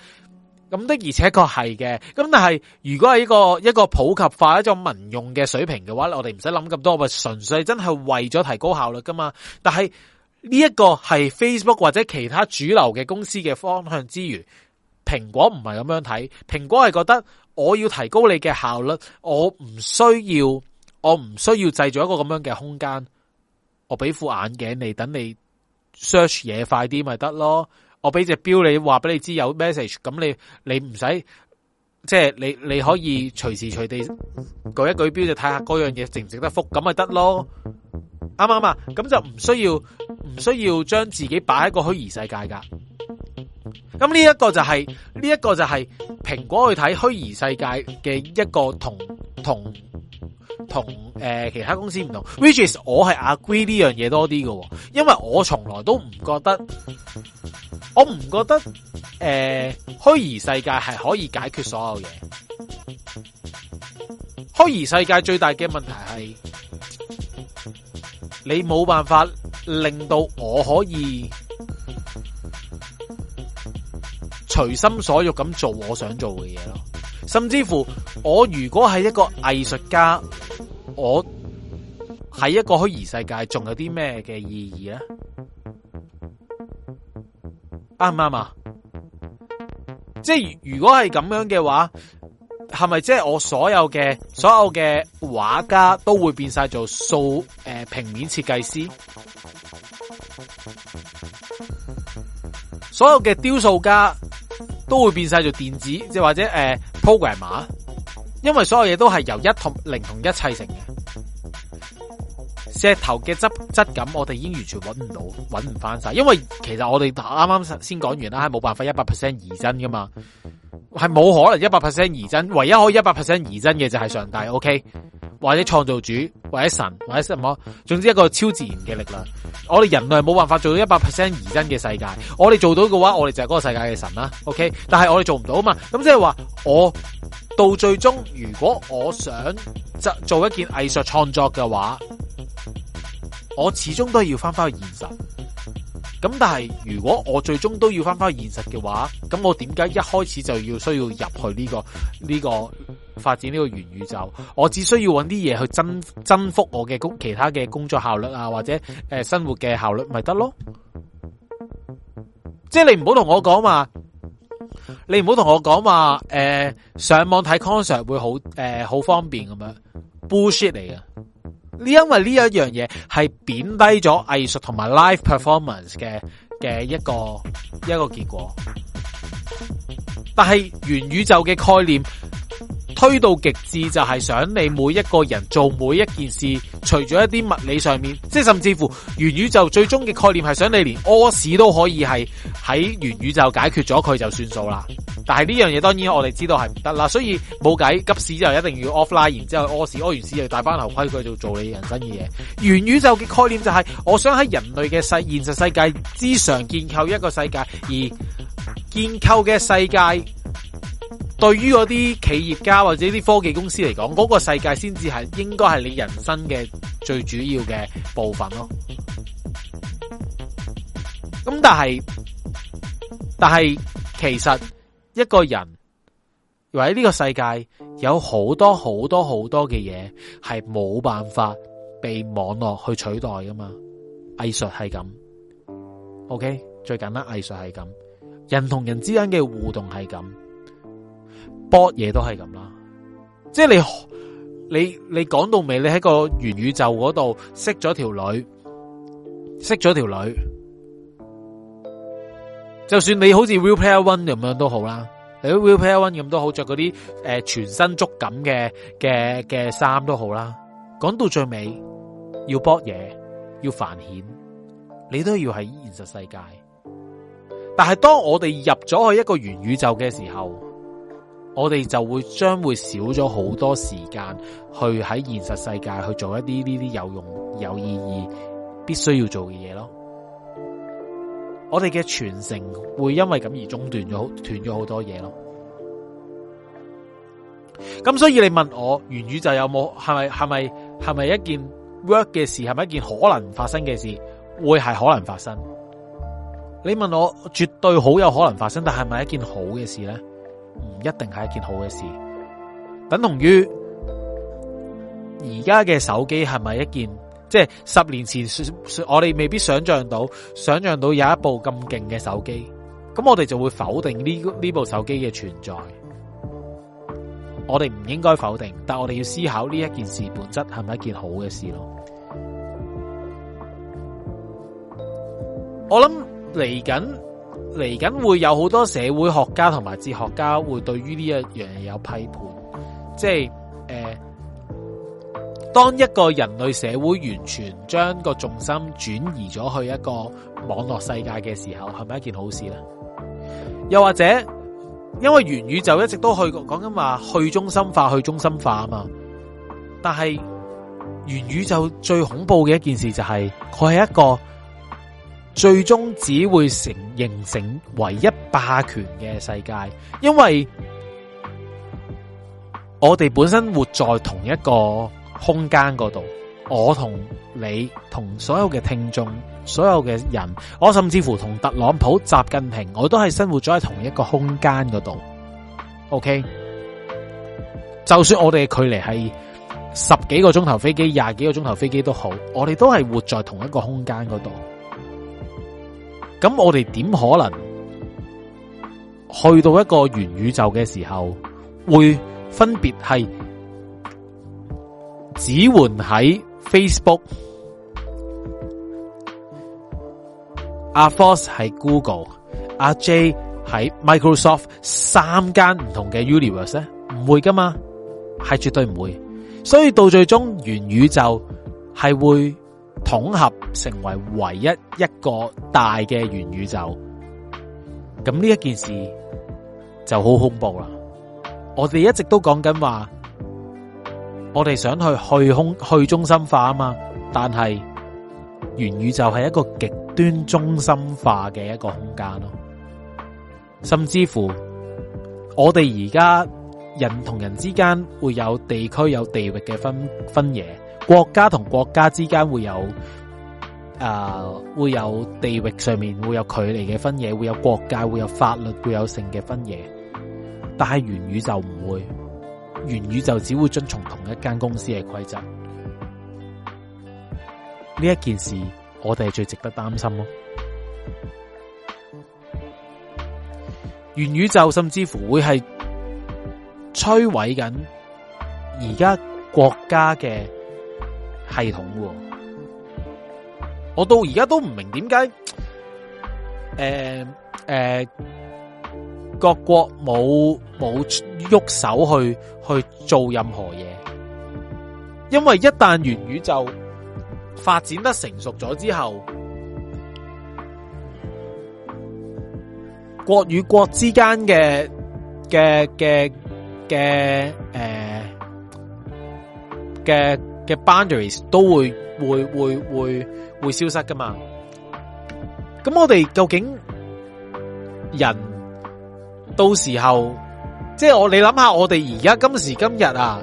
咁的而且確係嘅，咁但係如果係一個一個普及化、一種民用嘅水平嘅話，我哋唔使諗咁多，咪純粹真係為咗提高效率噶嘛？但係。呢、這、一個係 Facebook 或者其他主流嘅公司嘅方向之餘，蘋果唔係咁樣睇，蘋果係覺得我要提高你嘅效率，我唔需要，我唔需要製造一個咁樣嘅空間，我俾副眼鏡你，等你 search 嘢快啲咪得咯，我俾隻錶你，話俾你知有 message，咁你你唔使。即係你，你可以隨時隨地舉一舉錶就睇下嗰樣嘢值唔值得福，咁咪得咯，啱啱啱，咁就唔需要唔需要，將自己擺喺個虛擬世界噶，咁呢一個就係，呢一個就係蘋果去睇虛擬世界嘅一個同同。同誒、呃、其他公司唔同， ，which is 我係 agree 呢樣嘢多啲嘅，因為我從來都唔覺得，我唔覺得誒、呃、虛擬世界係可以解決所有嘢。虛擬世界最大嘅問題係，你冇辦法令到我可以隨心所欲咁做我想做嘅嘢咯。甚至乎，我如果係一個藝術家，我喺一個虛擬世界，仲有啲咩嘅意義咧？啱唔啱啊？即係如果係咁樣嘅話，係咪即係我所有嘅所有嘅畫家都會變晒做素誒、呃、平面設計師？ 所有嘅雕塑家？都會變晒做電子，即係或者誒、呃、programmer 因為所有嘢都係由一同零同一砌成嘅。石頭嘅質質感，我哋已經完全搵唔到，搵唔翻晒。因為其實我哋啱啱先講完啦，係冇辦法一百 percent 移真噶嘛。係冇可能一百 percent 擬真，唯一可以一百 percent 擬真嘅就係上帝，OK，或者創造主，或者神，或者什麼，總之一個超自然嘅力量。我哋人類冇辦法做到一百 percent 擬真嘅世界。我哋做到嘅話，我哋就係嗰個世界嘅神啦，OK。但係我哋做唔到啊嘛。咁即係話，我到最終，如果我想做一件藝術創作嘅話，我始終都要翻翻去現實。咁但係如果我最終都要翻翻現實嘅話，咁我點解一開始就要需要入去呢個呢個發展呢個元宇宙？我只需要搵啲嘢去增增幅我嘅工，其他嘅工作效率啊，或者誒生活嘅效率咪得咯？即係你唔好同我講話，你唔好同我講話，誒上網睇 concert 會好誒好方便咁樣，bullshit 嚟㗎。呢因為呢一樣嘢係貶低咗藝術同埋 live performance 嘅嘅一個一個結果，但係元宇宙嘅概念推到極致就係想你每一個人做每一件事，除咗一啲物理上面，即係甚至乎元宇宙最終嘅概念係想你連屙屎都可以係喺元宇宙解決咗佢就算數啦。但係呢樣嘢，當然我哋知道係唔得啦，所以冇計，急屎之後就一定要 offline，然之後屙屎屙完屎又戴翻頭盔，佢就做你人生嘅嘢。元宇宙嘅概念就係、是，我想喺人類嘅世現實世界之上建構一個世界，而建構嘅世界，對於嗰啲企業家或者啲科技公司嚟講，嗰、那個世界先至係應該係你人生嘅最主要嘅部分咯。咁但係，但係其實。一個人，或者呢個世界有好多好多好多嘅嘢係冇辦法被網絡去取代噶嘛？藝術係咁，OK 最簡單，藝術係咁，人同人之間嘅互動係咁，博嘢都係咁啦。即係你你你講到尾，你喺個元宇宙嗰度識咗條女，識咗條女。就算你好似 Real Player One 咁樣都好啦，你 Real Player One 咁都好，着嗰啲誒全身觸感嘅嘅嘅衫都好啦。講到最尾，要搏嘢，要繁衍，你都要喺現實世界。但係當我哋入咗去一個元宇宙嘅時候，我哋就會將會少咗好多時間去喺現實世界去做一啲呢啲有用有意義必須要做嘅嘢咯。我哋嘅傳承會因為咁而中斷咗，斷咗好多嘢咯。咁所以你問我，元宇宙有冇係咪？係咪係咪一件 work 嘅事？係咪一件可能發生嘅事？會係可能發生。你問我絕對好有可能發生，但係咪一件好嘅事呢？唔一定係一件好嘅事。等同於而家嘅手機係咪一件？即係十年前，我哋未必想象到，想象到有一部咁勁嘅手機，咁我哋就會否定呢呢部手機嘅存在，我哋唔應該否定，但我哋要思考呢一件事本質係咪一件好嘅事咯。我諗嚟緊嚟緊會有好多社會學家同埋哲學家會對於呢一樣嘢有批判，即係誒。呃當一個人類社會完全將個重心轉移咗去一個網絡世界嘅時候，係咪一件好事呢？又或者，因為元宇宙一直都去講緊話去中心化，去中心化啊嘛。但係元宇宙最恐怖嘅一件事就係，佢係一個最終只會成形成唯一霸權嘅世界，因為我哋本身活在同一個。空間嗰度，我同你同所有嘅聽眾、所有嘅人，我甚至乎同特朗普、習近平，我都係生活咗喺同一個空間嗰度。OK，就算我哋嘅距離係十幾個鐘頭飛機、廿幾個鐘頭飛機都好，我哋都係活在同一個空間嗰度。咁、okay? 我哋點可能去到一個元宇宙嘅時候，會分別係？只換喺 Facebook，阿 Force 係 Google，阿 J 喺 Microsoft，三間唔同嘅 Universe 咧，唔會噶嘛，係絕對唔會，所以到最終元宇宙係會統合成為唯一一個大嘅元宇宙，咁呢一件事就好恐怖啦。我哋一直都講緊話。我哋想去去空去中心化啊嘛，但係元宇宙係一個極端中心化嘅一個空間咯。甚至乎，我哋而家人同人之間會有地區有地域嘅分分野，國家同國家之間會有啊、呃、會有地域上面會有距離嘅分野，會有國界，會有法律，會有性嘅分野，但係元宇宙唔會。元宇宙只會遵從同一間公司嘅規則，呢一件事我哋係最值得擔心咯。元宇宙甚至乎會係摧毀緊而家國家嘅系統。我到而家都唔明點解？誒、呃、誒。呃各國冇冇喐手去去做任何嘢，因為一旦元宇宙發展得成熟咗之後，國與國之間嘅嘅嘅嘅誒嘅嘅 boundaries 都會會會會會消失噶嘛？咁我哋究竟人？到時候，即係我你諗下，我哋而家今時今日啊，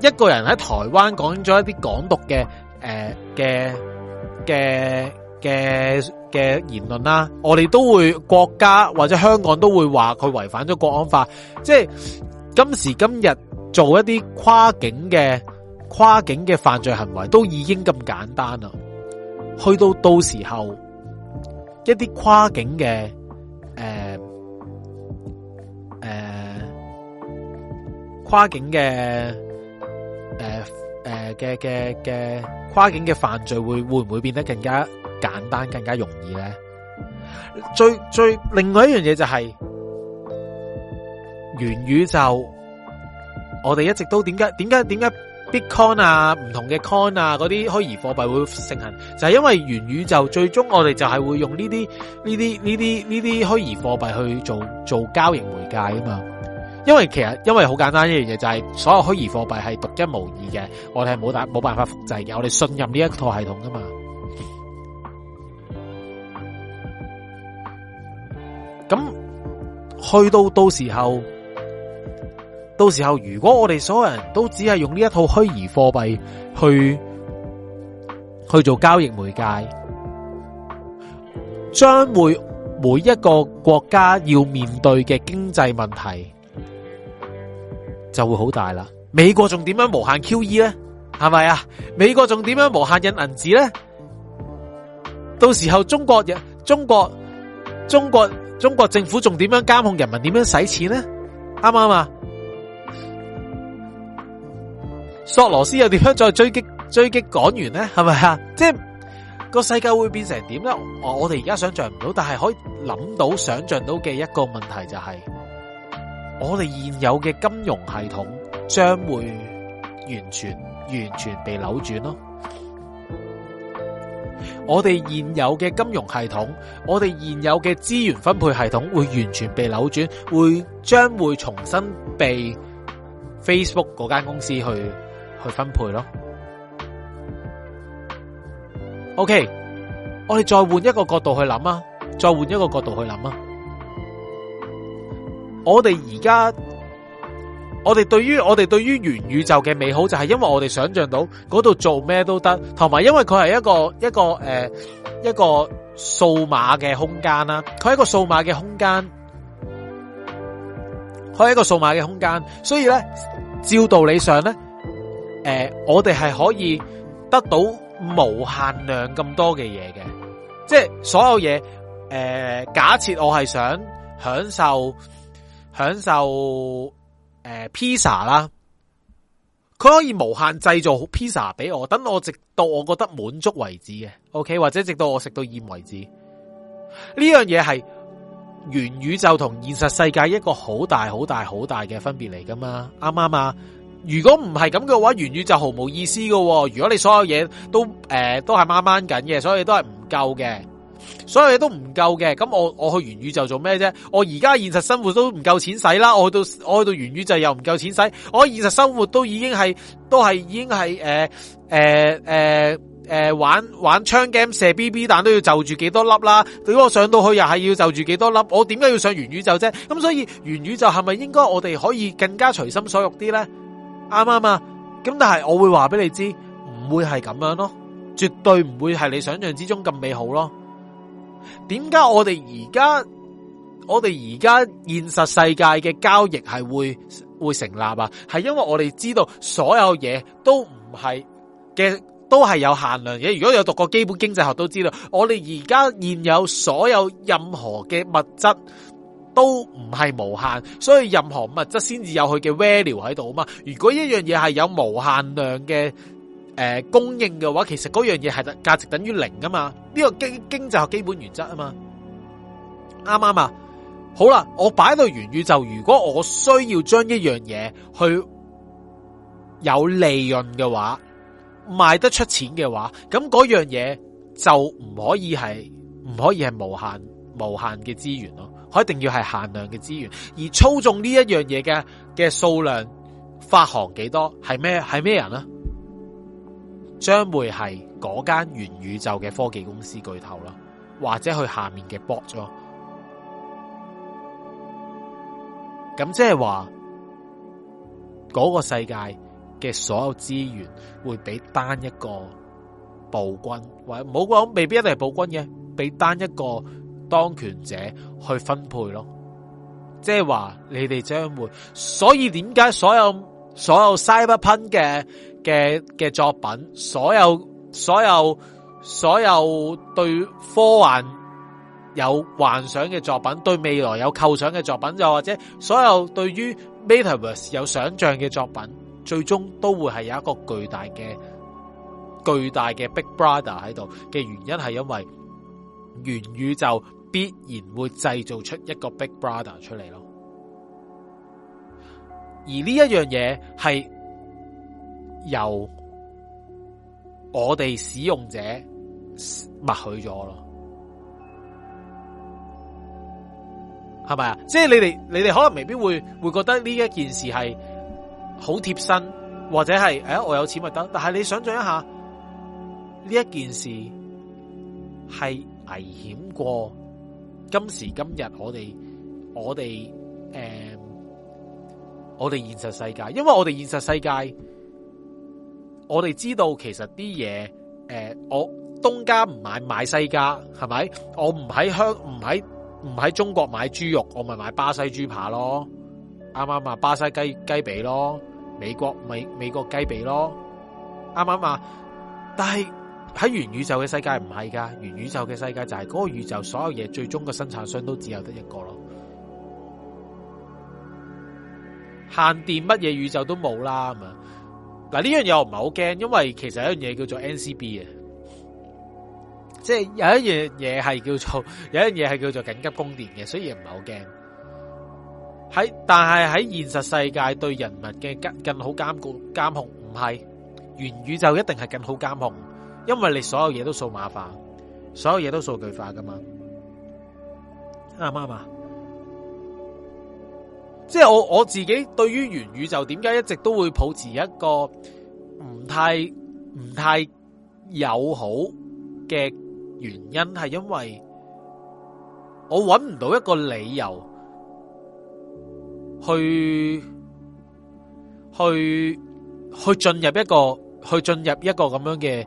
一個人喺台灣講咗一啲港獨嘅誒嘅嘅嘅嘅言論啦，我哋都會國家或者香港都會話佢違反咗國安法。即係今時今日做一啲跨境嘅跨境嘅犯罪行為都已經咁簡單啦，去到到時候一啲跨境嘅。跨境嘅誒誒嘅嘅嘅跨境嘅犯罪會會唔會變得更加簡單、更加容易咧？最最另外一樣嘢就係、是、元宇宙，我哋一直都點解點解點解 Bitcoin 啊、唔同嘅 Coin 啊嗰啲虛擬貨幣會盛行？就係、是、因為元宇宙最終我哋就係會用呢啲呢啲呢啲呢啲虛擬貨幣去做做交易媒介啊嘛。因為其實因為好簡單一件事，一樣嘢就係、是、所有虛擬貨幣係獨一無二嘅，我哋係冇辦冇辦法複製嘅。我哋信任呢一套系統噶嘛？咁去到到時候，到時候如果我哋所有人都只係用呢一套虛擬貨幣去去做交易媒介，將會每一個國家要面對嘅經濟問題。就會好大啦！美國仲點樣無限 QE 咧？係咪啊？美國仲點樣無限印銀紙咧？到時候中國人、中國、中國、中國政府仲點樣監控人民點樣使錢咧？啱唔啱啊？索羅斯又點樣再追擊追擊港元咧？係咪啊？即係個世界會變成點咧？我我哋而家想象唔到，但係可以諗到、想象到嘅一個問題就係、是。我哋現有嘅金融系統將會完全完全被扭轉咯。我哋現有嘅金融系統，我哋現有嘅資源分配系統會完全被扭轉，會將會重新被 Facebook 嗰間公司去去分配咯。OK，我哋再換一個角度去諗啊，再換一個角度去諗啊。我哋而家，我哋對於我哋對於元宇宙嘅美好，就係因為我哋想象到嗰度做咩都得，同埋因為佢係一個一個誒、呃、一個數碼嘅空間啦。佢係一個數碼嘅空間，佢係一個數碼嘅空間，所以咧，照道理上咧，誒、呃，我哋係可以得到無限量咁多嘅嘢嘅，即係所有嘢。誒、呃，假設我係想享受。享受誒、呃、披薩啦，佢可以無限製造披薩俾我，等我直到我覺得滿足為止嘅，OK，或者直到我食到厭為止。呢樣嘢係元宇宙同現實世界一個好大、好大、好大嘅分別嚟噶嘛？啱啱啊？如果唔係咁嘅話，元宇宙毫無意思喎、啊。如果你所有嘢都誒、呃、都係掹掹緊嘅，所以都係唔夠嘅。所有嘢都唔夠嘅，咁我我去元宇宙做咩啫？我而家現實生活都唔夠錢使啦，我去到我去到元宇宙又唔夠錢使，我現實生活都已經係都係已經係誒誒誒誒玩玩槍 game 射 B B 彈都要就住幾多粒啦，如果我上到去又係要就住幾多粒，我點解要上元宇宙啫？咁所以元宇宙係咪應該我哋可以更加隨心所欲啲呢？啱唔啱啊？咁但係我會話俾你知，唔會係咁樣咯，絕對唔會係你想象之中咁美好咯。點解我哋而家我哋而家現實世界嘅交易係會會成立啊？係因為我哋知道所有嘢都唔係嘅，都係有限量嘅。如果有讀過基本經濟學都知道，我哋而家現有所有任何嘅物質都唔係無限，所以任何物質先至有佢嘅 value 喺度啊嘛。如果一樣嘢係有無限量嘅。誒、呃，供應嘅話，其實嗰樣嘢係值價值等於零噶嘛？呢、這個經經濟學基本原則啊嘛，啱啱啊。好啦，我擺到元宇宙，就如果我需要將一樣嘢去有利潤嘅話，賣得出錢嘅話，咁嗰樣嘢就唔可以係唔可以係無限無限嘅資源咯，一定要係限量嘅資源。而操縱呢一樣嘢嘅嘅數量發行幾多，係咩係咩人啊？將會係嗰間元宇宙嘅科技公司巨頭啦，或者去下面嘅搏咗。咁即係話，嗰個世界嘅所有資源會俾單一個暴君，或者唔好講，未必一定係暴君嘅，俾單一個當權者去分配咯。即係話，你哋將會，所以點解所有所有 cyberpunk 嘅嘅嘅作品，所有所有所有對科幻有幻想嘅作品，對未來有構想嘅作品，又或者所有對於 Metaverse 有想象嘅作品，最終都會係有一個巨大嘅巨大嘅 Big Brother 喺度嘅原因係因為元宇宙必然會製造出一個 Big Brother 出嚟咯，而呢一樣嘢係。由我哋使用者默許咗咯，係咪啊？即係你哋，你哋可能未必會會覺得呢一件事係好貼身，或者係誒、哎、我有錢咪得。但係你想象一下，呢一件事係危險過今時今日我哋，我哋誒、嗯，我哋現實世界，因為我哋現實世界。我哋知道，其實啲嘢，誒，我東家唔買買西家，係咪？我唔喺香，唔喺唔喺中國買豬肉，我咪買巴西豬扒咯，啱啱啊？巴西雞雞髀咯，美國美美國雞髀咯，啱啱啊？但係喺元宇宙嘅世界唔係噶，元宇宙嘅世界就係嗰個宇宙所有嘢，最終嘅生產商都只有得一個咯，限電乜嘢宇宙都冇啦，咁啊！嗱，呢樣嘢我唔係好驚，因為其實有一樣嘢叫做 NCB 嘅，即係有一樣嘢係叫做有一樣嘢係叫做緊急供電嘅，所以唔係好驚。喺但係喺現實世界對人物嘅更更好監管監控唔係，元宇宙一定係更好監控，因為你所有嘢都數碼化，所有嘢都數據化噶嘛。啱唔啱啊？即係我我自己對於元宇宙點解一直都會抱持一個唔太唔太友好嘅原因係因為我搵唔到一個理由去去去進入一個去進入一個咁樣嘅誒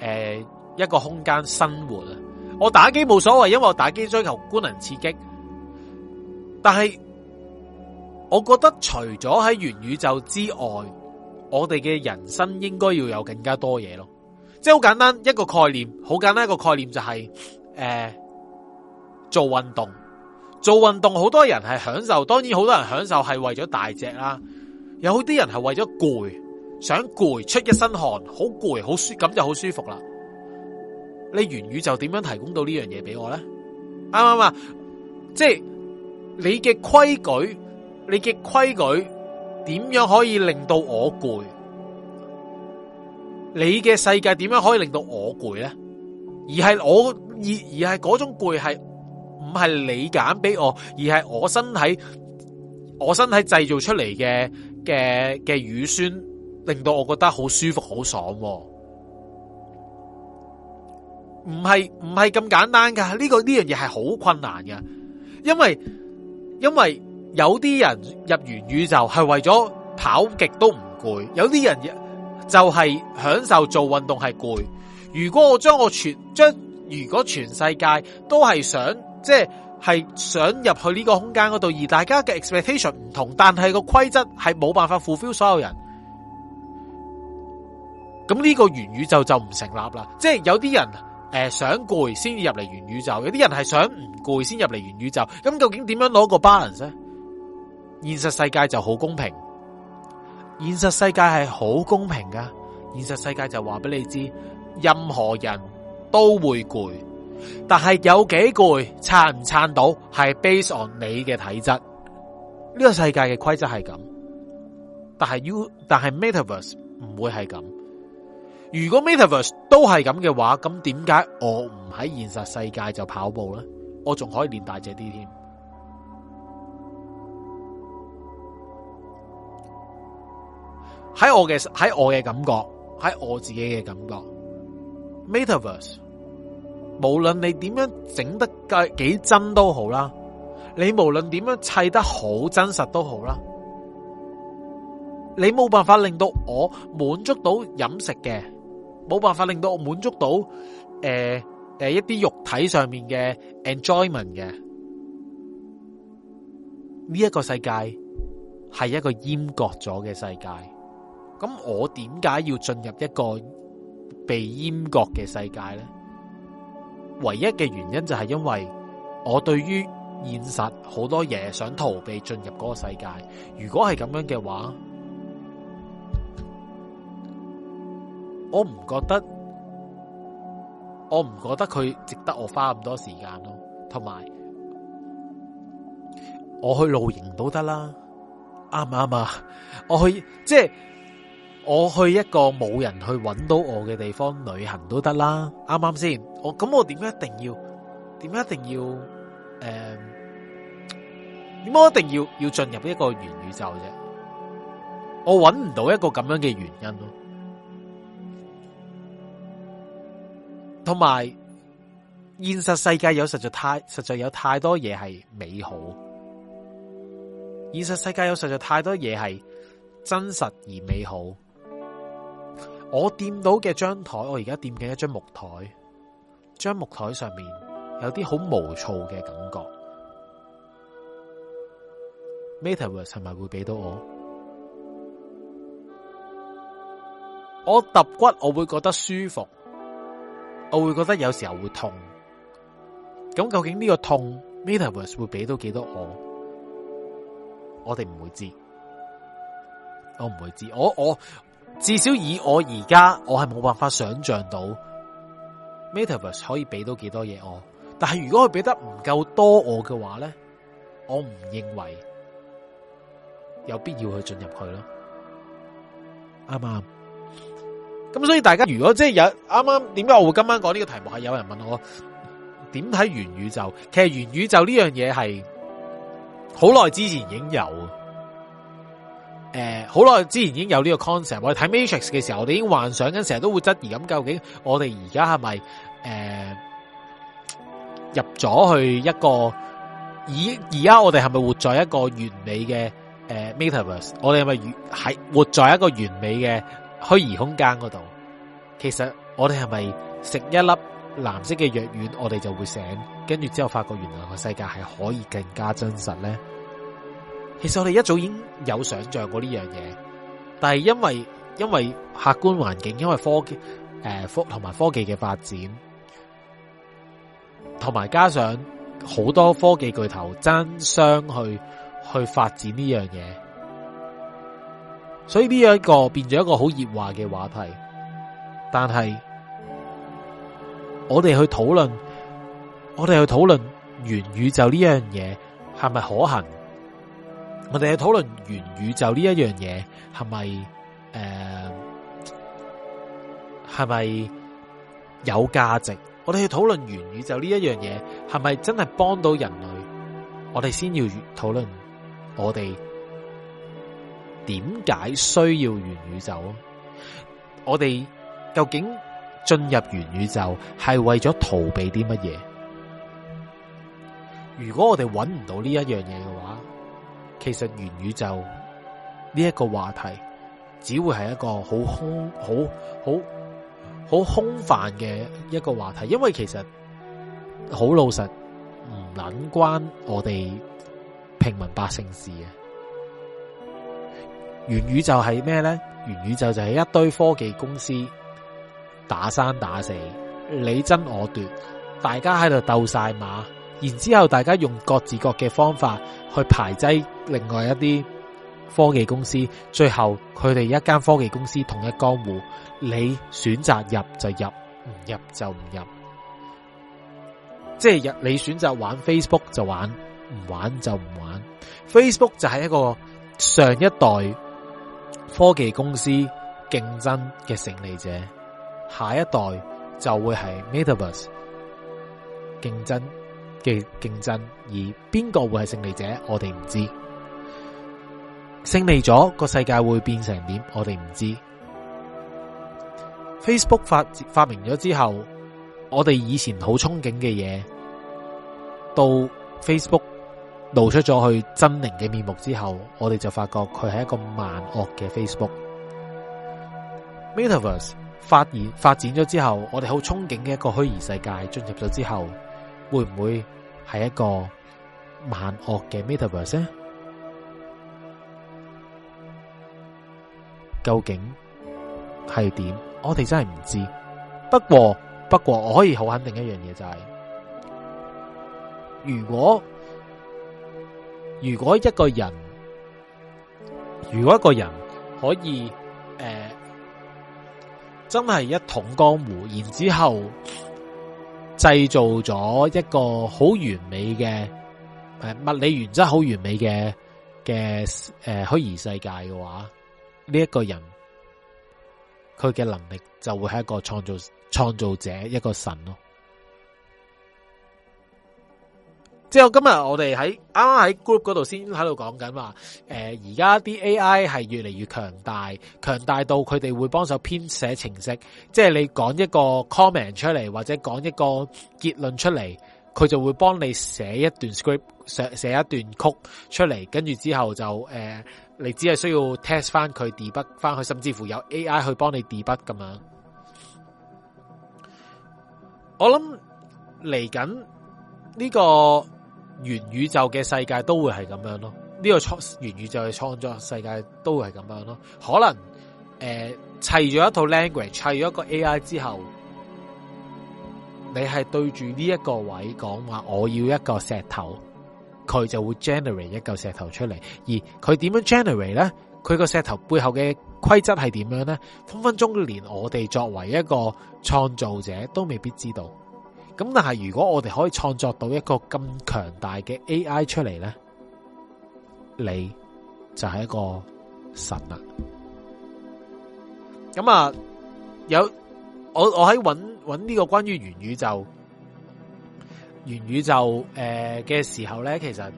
誒一個空間生活啊！我打機冇所謂，因為我打機追求觀能刺激，但係。我覺得除咗喺元宇宙之外，我哋嘅人生應該要有更加多嘢咯。即係好簡單一個概念，好簡單一個概念就係誒做運動。做運動好多人係享受，當然好多人享受係為咗大隻啦。有好啲人係為咗攰，想攰出一身汗，好攰好舒，咁就好舒服啦。你元宇宙點樣提供到呢樣嘢俾我咧？啱唔啱啊？即係你嘅規矩。你嘅規矩點樣可以令到我攰？你嘅世界點樣可以令到我攰咧？而係我而而係嗰種攰係唔係你揀俾我，而係我，我身體我身體製造出嚟嘅嘅嘅乳酸令到我覺得好舒服、好爽、啊。唔係唔係咁簡單噶，呢、這個呢樣嘢係好困難噶，因為因為。有啲人入元宇宙係為咗跑極都唔攰，有啲人就係享受做運動係攰。如果我將我全將，如果全世界都係想即係係想入去呢個空間嗰度，而大家嘅 expectation 唔同，但係個規則係冇辦法 fulfill 所有人，咁呢個元宇宙就唔成立啦。即係有啲人誒、呃、想攰先入嚟元宇宙，有啲人係想唔攰先入嚟元宇宙。咁究竟點樣攞個 balance 咧？現實世界就好公平，現實世界係好公平噶。現實世界就話俾你知，任何人都會攰，但係有幾攰撐唔撐到係 base on 你嘅體質。呢個世界嘅規則係咁，但係但係 metaverse 唔會係咁。如果 metaverse 都係咁嘅話，咁點解我唔喺現實世界就跑步咧？我仲可以練大隻啲添。喺我嘅喺我嘅感覺，喺我自己嘅感覺，metaverse，無論你點樣整得幾幾真都好啦，你無論點樣砌得好真實都好啦，你冇辦法令到我滿足到飲食嘅，冇辦法令到我滿足到誒誒一啲肉體上面嘅 enjoyment 嘅，呢一個世界係一個閹割咗嘅世界。咁我點解要進入一個被閹割嘅世界咧？唯一嘅原因就係因為我對於現實好多嘢想逃避，進入嗰個世界。如果係咁樣嘅話，我唔覺得，我唔覺得佢值得我花咁多時間咯。同埋，我去露營都得啦，啱唔啱啊？我去，即係。我去一個冇人去揾到我嘅地方旅行都得啦，啱啱先？我咁我點解一定要？點解一定要？誒、嗯？點解一定要要進入一個元宇宙啫？我揾唔到一個咁樣嘅原因咯。同埋現實世界有實在太實在有太多嘢係美好，現實世界有實在太多嘢係真實而美好。我掂到嘅張台，我而家掂緊一張木台，張木台上面有啲好毛躁嘅感覺。Metaverse 係咪會俾到我？我揼骨，我會覺得舒服，我會覺得有時候會痛。咁究竟呢個痛，Metaverse 會俾到幾多我？我哋唔會知，我唔會知，我我。至少以我而家，我係冇辦法想象到 Metaverse 可以俾到幾多嘢我。但係如果佢俾得唔夠多我嘅話咧，我唔認為有必要去進入佢咯。啱啱？咁、 嗯嗯嗯、所以大家如果即係有啱啱，點解我會今晚講呢個題目係有人問我點睇、嗯、元宇宙。其實元宇宙呢樣嘢係好耐之前已經有。誒、呃，好耐之前已經有呢個 concept，我哋睇 Matrix 嘅時候，我哋已經幻想緊，成日都會質疑咁，究竟我哋而家係咪誒入咗去一個？而而家我哋係咪活在一個完美嘅誒、呃、Metaverse？我哋係咪喺活在一個完美嘅虛擬空間度？其實我哋係咪食一粒藍色嘅藥丸，我哋就會醒，跟住之後發覺原來個世界係可以更加真實咧？其實我哋一早已經有想象過呢樣嘢，但係因為因為客觀環境，因為科技誒、呃、科同埋科技嘅發展，同埋加上好多科技巨頭爭相去去發展呢樣嘢，所以呢樣一個變咗一個好熱話嘅話題。但係我哋去討論，我哋去討論元宇宙呢樣嘢係咪可行？我哋去討論元宇宙呢一樣嘢係咪誒，係咪有價值？我哋去討論元宇宙呢一樣嘢係咪真係幫到人類？我哋先要討論我哋點解需要元宇宙啊？我哋究竟進入元宇宙係為咗逃避啲乜嘢？如果我哋搵唔到呢一樣嘢？其實元宇宙呢一個話題，只會係一個好空、好好好空泛嘅一個話題，因為其實好老實唔撚關我哋平民百姓事嘅。元宇宙係咩咧？元宇宙就係一堆科技公司打生打死，你爭我奪，大家喺度鬥晒馬。然之後，大家用各自各嘅方法去排擠另外一啲科技公司，最後佢哋一間科技公司統一江湖，你選擇入就入，唔入就唔入。即係入，你選擇玩 Facebook 就玩，唔玩就唔玩。Facebook 就係一個上一代科技公司競爭嘅勝利者，下一代就會係 Metaverse 競爭嘅競爭，而邊個會係勝利者？我哋唔知。勝利咗個世界會變成點？我哋唔知。Facebook 發發明咗之後，我哋以前好憧憬嘅嘢，到 Facebook 露出咗佢猙獰嘅面目之後，我哋就發覺佢係一個萬惡嘅 Facebook。Metaverse 發現發展咗之後，我哋好憧憬嘅一個虛擬世界進入咗之後。會唔會係一個萬惡嘅 metaverse 咧？究竟係點？我哋真係唔知。不過，不過我可以好肯定一樣嘢就係、是，如果如果一個人，如果一個人可以誒、呃，真係一統江湖，然之後。製造咗一個好完美嘅，誒物理原則好完美嘅嘅誒虛擬世界嘅話，呢一個人佢嘅能力就會係一個創造創造者，一個神咯。之後今日我哋喺啱啱喺 group 嗰度先喺度講緊話，誒而家啲 AI 係越嚟越強大，強大到佢哋會幫手編寫程式，即係你講一個 comment 出嚟或者講一個結論出嚟，佢就會幫你寫一段 script 寫寫一段曲出嚟，跟住之後就誒、呃，你只係需要 test 翻佢 debug 翻佢，甚至乎有 AI 去幫你 debug 咁樣。我諗嚟緊呢個。元宇宙嘅世界都會係咁樣咯，呢個創元宇宙嘅創作世界都會係咁樣咯。可能誒砌咗一套 language，砌咗一個 AI 之後，你係對住呢一個位講話，我要一個石頭，佢就會 generate 一個石頭出嚟。而佢點樣 generate 咧？佢個石頭背後嘅規則係點樣咧？分分鐘連我哋作為一個創造者都未必知道。咁但係如果我哋可以創作到一個咁強大嘅 AI 出嚟咧，你就係一個神啦。咁啊，有我我喺搵搵呢個關於元宇宙、元宇宙誒嘅、呃、時候咧，其實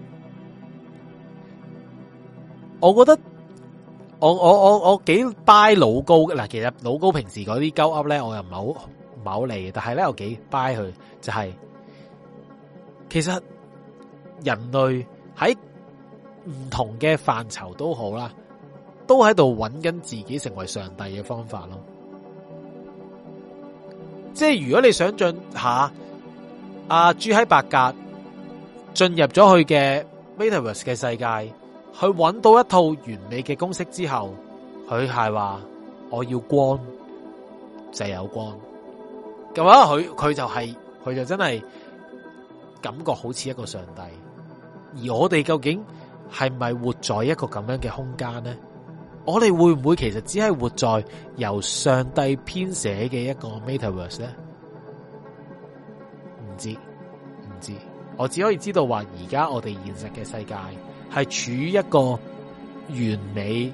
我覺得我我我我幾 buy 老高嘅嗱，其實老高平時啲鳩噏咧，我又唔係好。冇嚟，但係咧又幾 buy 佢，就係、是、其實人類喺唔同嘅範疇都好啦，都喺度揾緊自己成為上帝嘅方法咯。即係如果你想象下，阿朱喺白鴿進入咗佢嘅 Metaverse 嘅世界，去揾到一套完美嘅公式之後，佢係話我要光就有光。咁啊，佢佢就係、是、佢就真係感覺好似一個上帝，而我哋究竟係咪活在一個咁樣嘅空間呢？我哋會唔會其實只係活在由上帝編寫嘅一個 metaverse 呢？唔知唔知，我只可以知道話而家我哋現實嘅世界係處於一個完美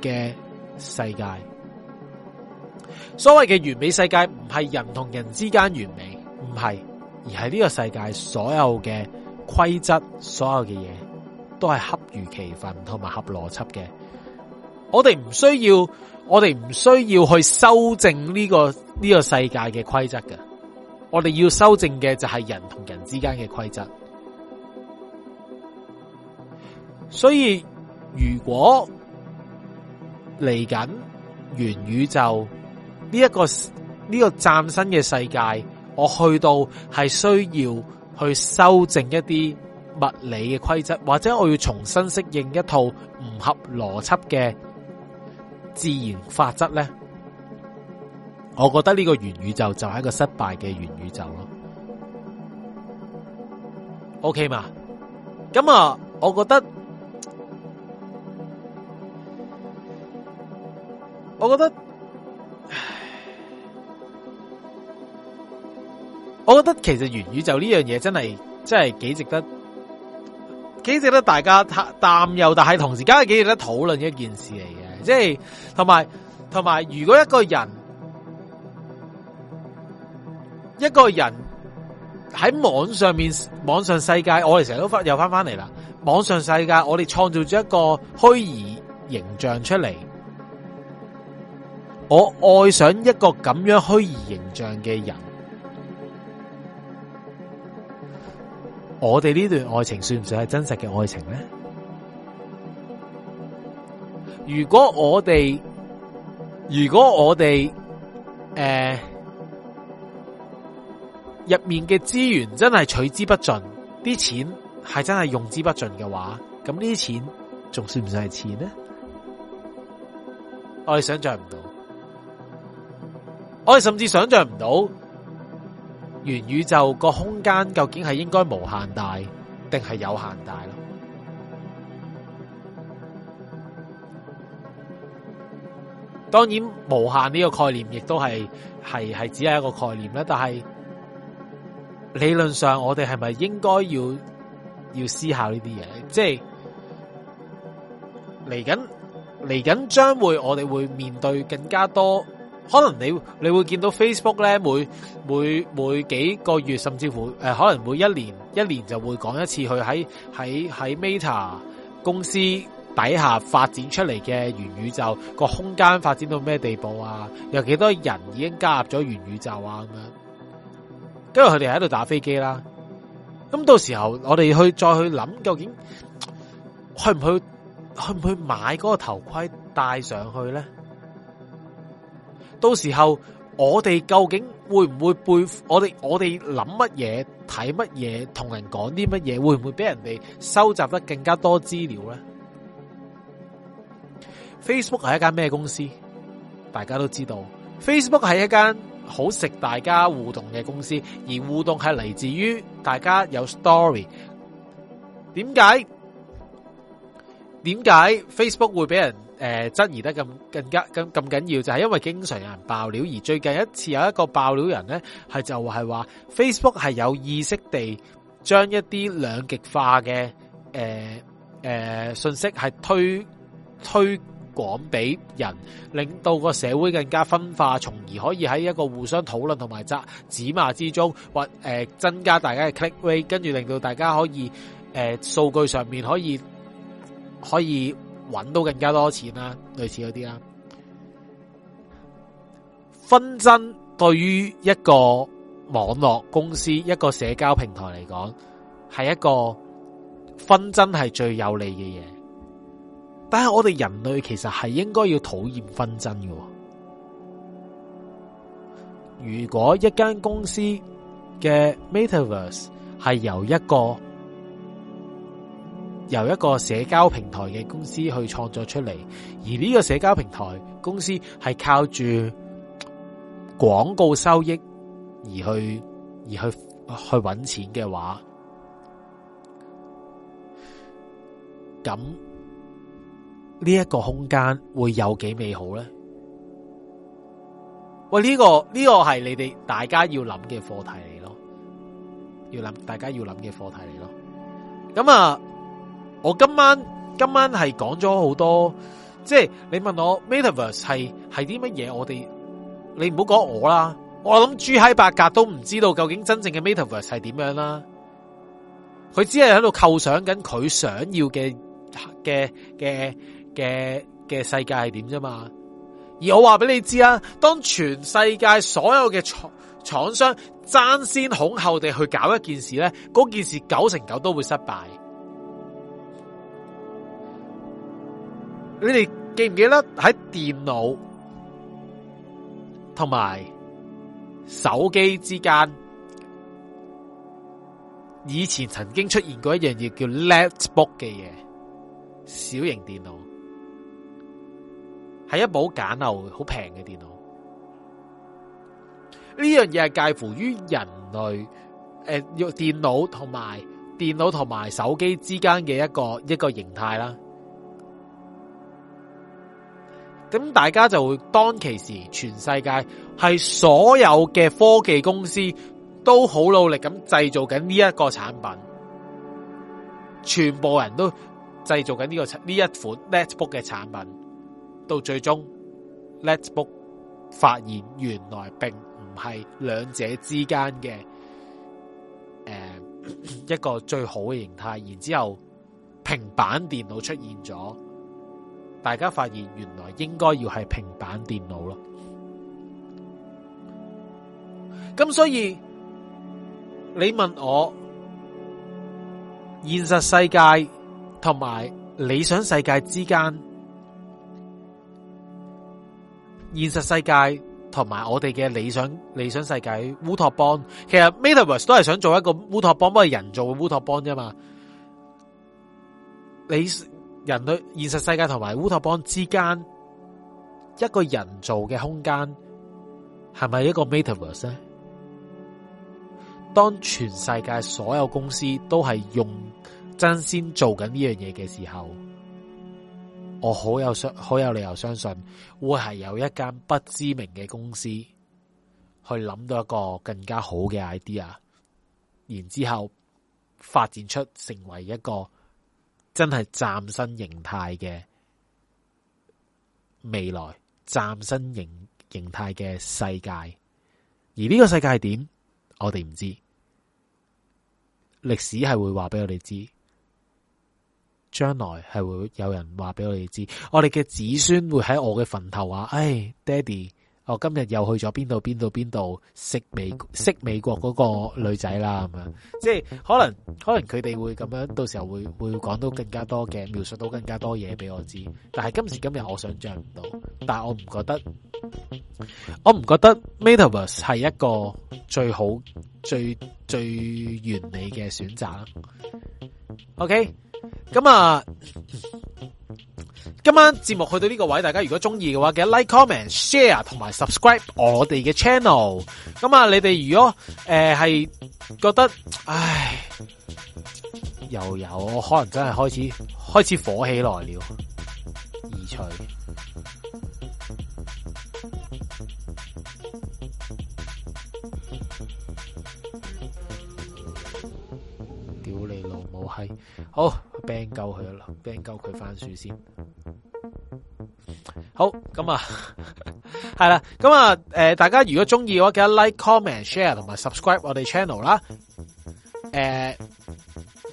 嘅世界。所謂嘅完美世界唔係人同人之間完美，唔係，而係呢個世界所有嘅規則，所有嘅嘢都係恰如其分，同埋合邏輯嘅。我哋唔需要，我哋唔需要去修正呢個呢個世界嘅規則㗎。我哋要修正嘅就係人同人之間嘅規則。所以如果嚟緊元宇宙，呢一個呢個嶄新嘅世界，我去到係需要去修正一啲物理嘅規則，或者我要重新適應一套唔合邏輯嘅自然法則咧？我覺得呢個元宇宙就係一個失敗嘅元宇宙咯。OK 嘛？咁啊，我覺得，我覺得。我覺得其實元宇宙呢樣嘢真係真係幾值得，幾值得大家嘆擔憂，但係同時間係幾值得討論一件事嚟嘅，即係同埋同埋如果一個人，一個人喺網上面，網上世界，我哋成日都又翻翻嚟啦。網上世界，我哋創造咗一個虛擬形象出嚟，我愛上一個咁樣虛擬形象嘅人。我哋呢段愛情算唔算係真實嘅愛情呢？如果我哋，如果我哋，誒、呃，入面嘅資源真係取之不盡，啲錢係真係用之不盡嘅話，咁呢啲錢仲算唔算係錢呢？我哋想象唔到，我哋甚至想象唔到。元宇宙個空間究竟係應該無限大，定係有限大咯？當然，無限呢個概念亦都係係係只係一個概念咧。但係理論上，我哋係咪應該要要思考呢啲嘢？即係嚟緊嚟緊將會我哋會面對更加多。可能你你會見到 Facebook 咧，每每每幾個月，甚至乎誒、呃，可能每一年一年就會講一次，佢喺喺喺 Meta 公司底下發展出嚟嘅元宇宙個空間發展到咩地步啊？有幾多人已經加入咗元宇宙啊？咁樣，跟住，佢哋喺度打飛機啦。咁到時候我哋去再去諗，究竟去唔去去唔去買嗰個頭盔戴上去咧？到時候我哋究竟會唔會背我哋我哋，諗乜嘢、睇乜嘢、同人講啲乜嘢，會唔會俾人哋收集得更加多資料咧？Facebook 係一間咩公司？大家都知道，Facebook 係一間好食大家互動嘅公司，而互動係嚟自於大家有 story。點解？點解 Facebook 會俾人？誒、呃，質疑得咁更加咁咁緊要，就係、是，因為經常有人爆料，而最近一次有一個爆料人咧，係就係話 Facebook 係有意識地將一啲兩極化嘅誒誒信息係推推廣俾人，令到個社會更加分化，從而可以喺一個互相討論同埋責指罵之中，或誒、呃、增加大家嘅 click rate，跟住令到大家可以誒數、呃、據上面可以可以。搵到更加多錢啦，類似嗰啲啦。紛爭對於一個網絡公司、一個社交平台嚟講，係一個紛爭係最有利嘅嘢。但係我哋人類其實係應該要討厭紛爭嘅。如果一間公司嘅 metaverse 係由一個由一個社交平台嘅公司去創作出嚟，而呢個社交平台公司係靠住廣告收益而去而去去揾錢嘅話，咁呢一個空間會有幾美好咧？喂、呢個，呢、呢個呢個係你哋大家要諗嘅課題嚟咯，要諗大家要諗嘅課題嚟咯。咁啊～我今晚今晚係講咗好多，即係你問我 Metaverse 係係啲乜嘢？我哋你唔好講我啦，我諗朱克伯格都唔知道究竟真正嘅 Metaverse 係點樣啦。佢只係喺度構想緊佢想要嘅嘅嘅嘅嘅世界係點啫嘛。而我話俾你知啊，當全世界所有嘅廠廠商爭先恐後地去搞一件事咧，嗰件事九成九都會失敗。你哋記唔記得喺電腦同埋手機之間，以前曾經出現過一樣嘢叫 laptop 嘅嘢，小型電腦，係一部好簡陋、好平嘅電腦。呢樣嘢係介乎於人類誒，用電腦同埋電腦同埋手機之間嘅一個一個形態啦。咁大家就會當其時，全世界係所有嘅科技公司都好努力咁製造緊呢一個產品，全部人都製造緊呢個呢一款 netbook 嘅產品，到最終 netbook 發現原來並唔係兩者之間嘅誒一個最好嘅形態，然之後平板電腦出現咗。大家發現原來應該要係平板電腦咯，咁所以你問我現實世界同埋理想世界之間，現實世界同埋我哋嘅理想理想世界烏托邦，其實 Metaverse 都係想做一個烏托邦，不過人做嘅烏托邦啫嘛，你。人類現實世界同埋烏托邦之間，一個人造嘅空間係咪一個 metaverse 咧？當全世界所有公司都係用真心做緊呢樣嘢嘅時候，我好有相，好有理由相信會係有一間不知名嘅公司去諗到一個更加好嘅 idea，然之後發展出成為一個。真係嶄新形態嘅未來，嶄新形形態嘅世界，而呢個世界係點，我哋唔知。歷史係會話俾我哋知，將來係會有人話俾我哋知，我哋嘅子孫會喺我嘅墳頭話，哎，爹哋我今日又去咗邊度？邊度？邊度？識美，識美國嗰個女仔啦，咁樣，即係可能，可能佢哋會咁樣，到時候會會講到更加多嘅，描述到更加多嘢俾我知。但係今時今日，我想象唔到。但係我唔覺得，我唔覺得 Metaverse 係一個最好、最最完美嘅選擇啦。OK。咁啊，今晚節目去到呢個位，大家如果中意嘅話，記得 like、comment、share 同埋 subscribe 我哋嘅 channel。咁啊，你哋如果誒係、呃、覺得，唉，又有可能真係開始開始火起來了。救佢啦，俾人救佢翻書先。好，咁啊，係啦，咁啊，誒，大家如果中意嘅話，記得 like、comment、share 同埋 subscribe 我哋 channel 啦。誒，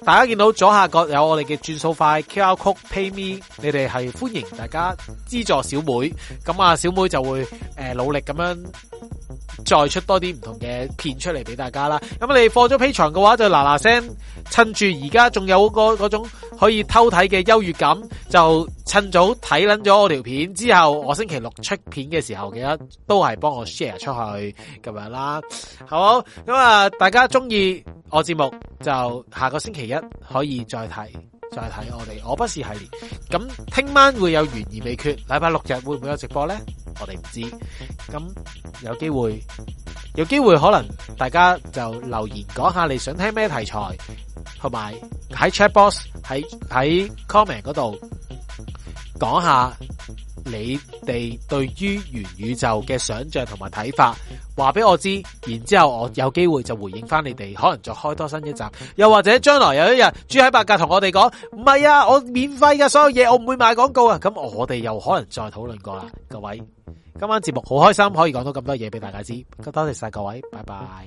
大家見到左下角有我哋嘅轉數快，QR code pay me，你哋係歡迎大家資助小妹，咁啊，小妹就會誒努力咁樣。再出多啲唔同嘅片出嚟俾大家啦，咁你放咗 Patreon 嘅話就嗱嗱聲，趁住而家仲有個嗰種可以偷睇嘅優越感，就趁早睇捻咗我條片之後，我星期六出片嘅時候，記得都係幫我 share 出去咁樣啦，好，好，咁啊大家中意我節目，就下個星期一可以再睇。再睇我哋我不是系列，咁聽晚會有懸而未決，禮拜六日會唔會有直播咧？我哋唔知，咁有機會，有機會可能大家就留言講下你想聽咩題材，同埋喺 chat box 喺喺 comment 嗰度。講下你哋對於元宇宙嘅想象同埋睇法，話俾我知，然之後我有機會就回應翻你哋，可能再開多新一集，又或者將來有一日朱克伯格同我哋講唔係啊，我免費嘅所有嘢，我唔會賣廣告啊。咁我哋又可能再討論過啦。各位今晚節目好開心，可以講到咁多嘢俾大家知道，多謝晒各位，拜拜。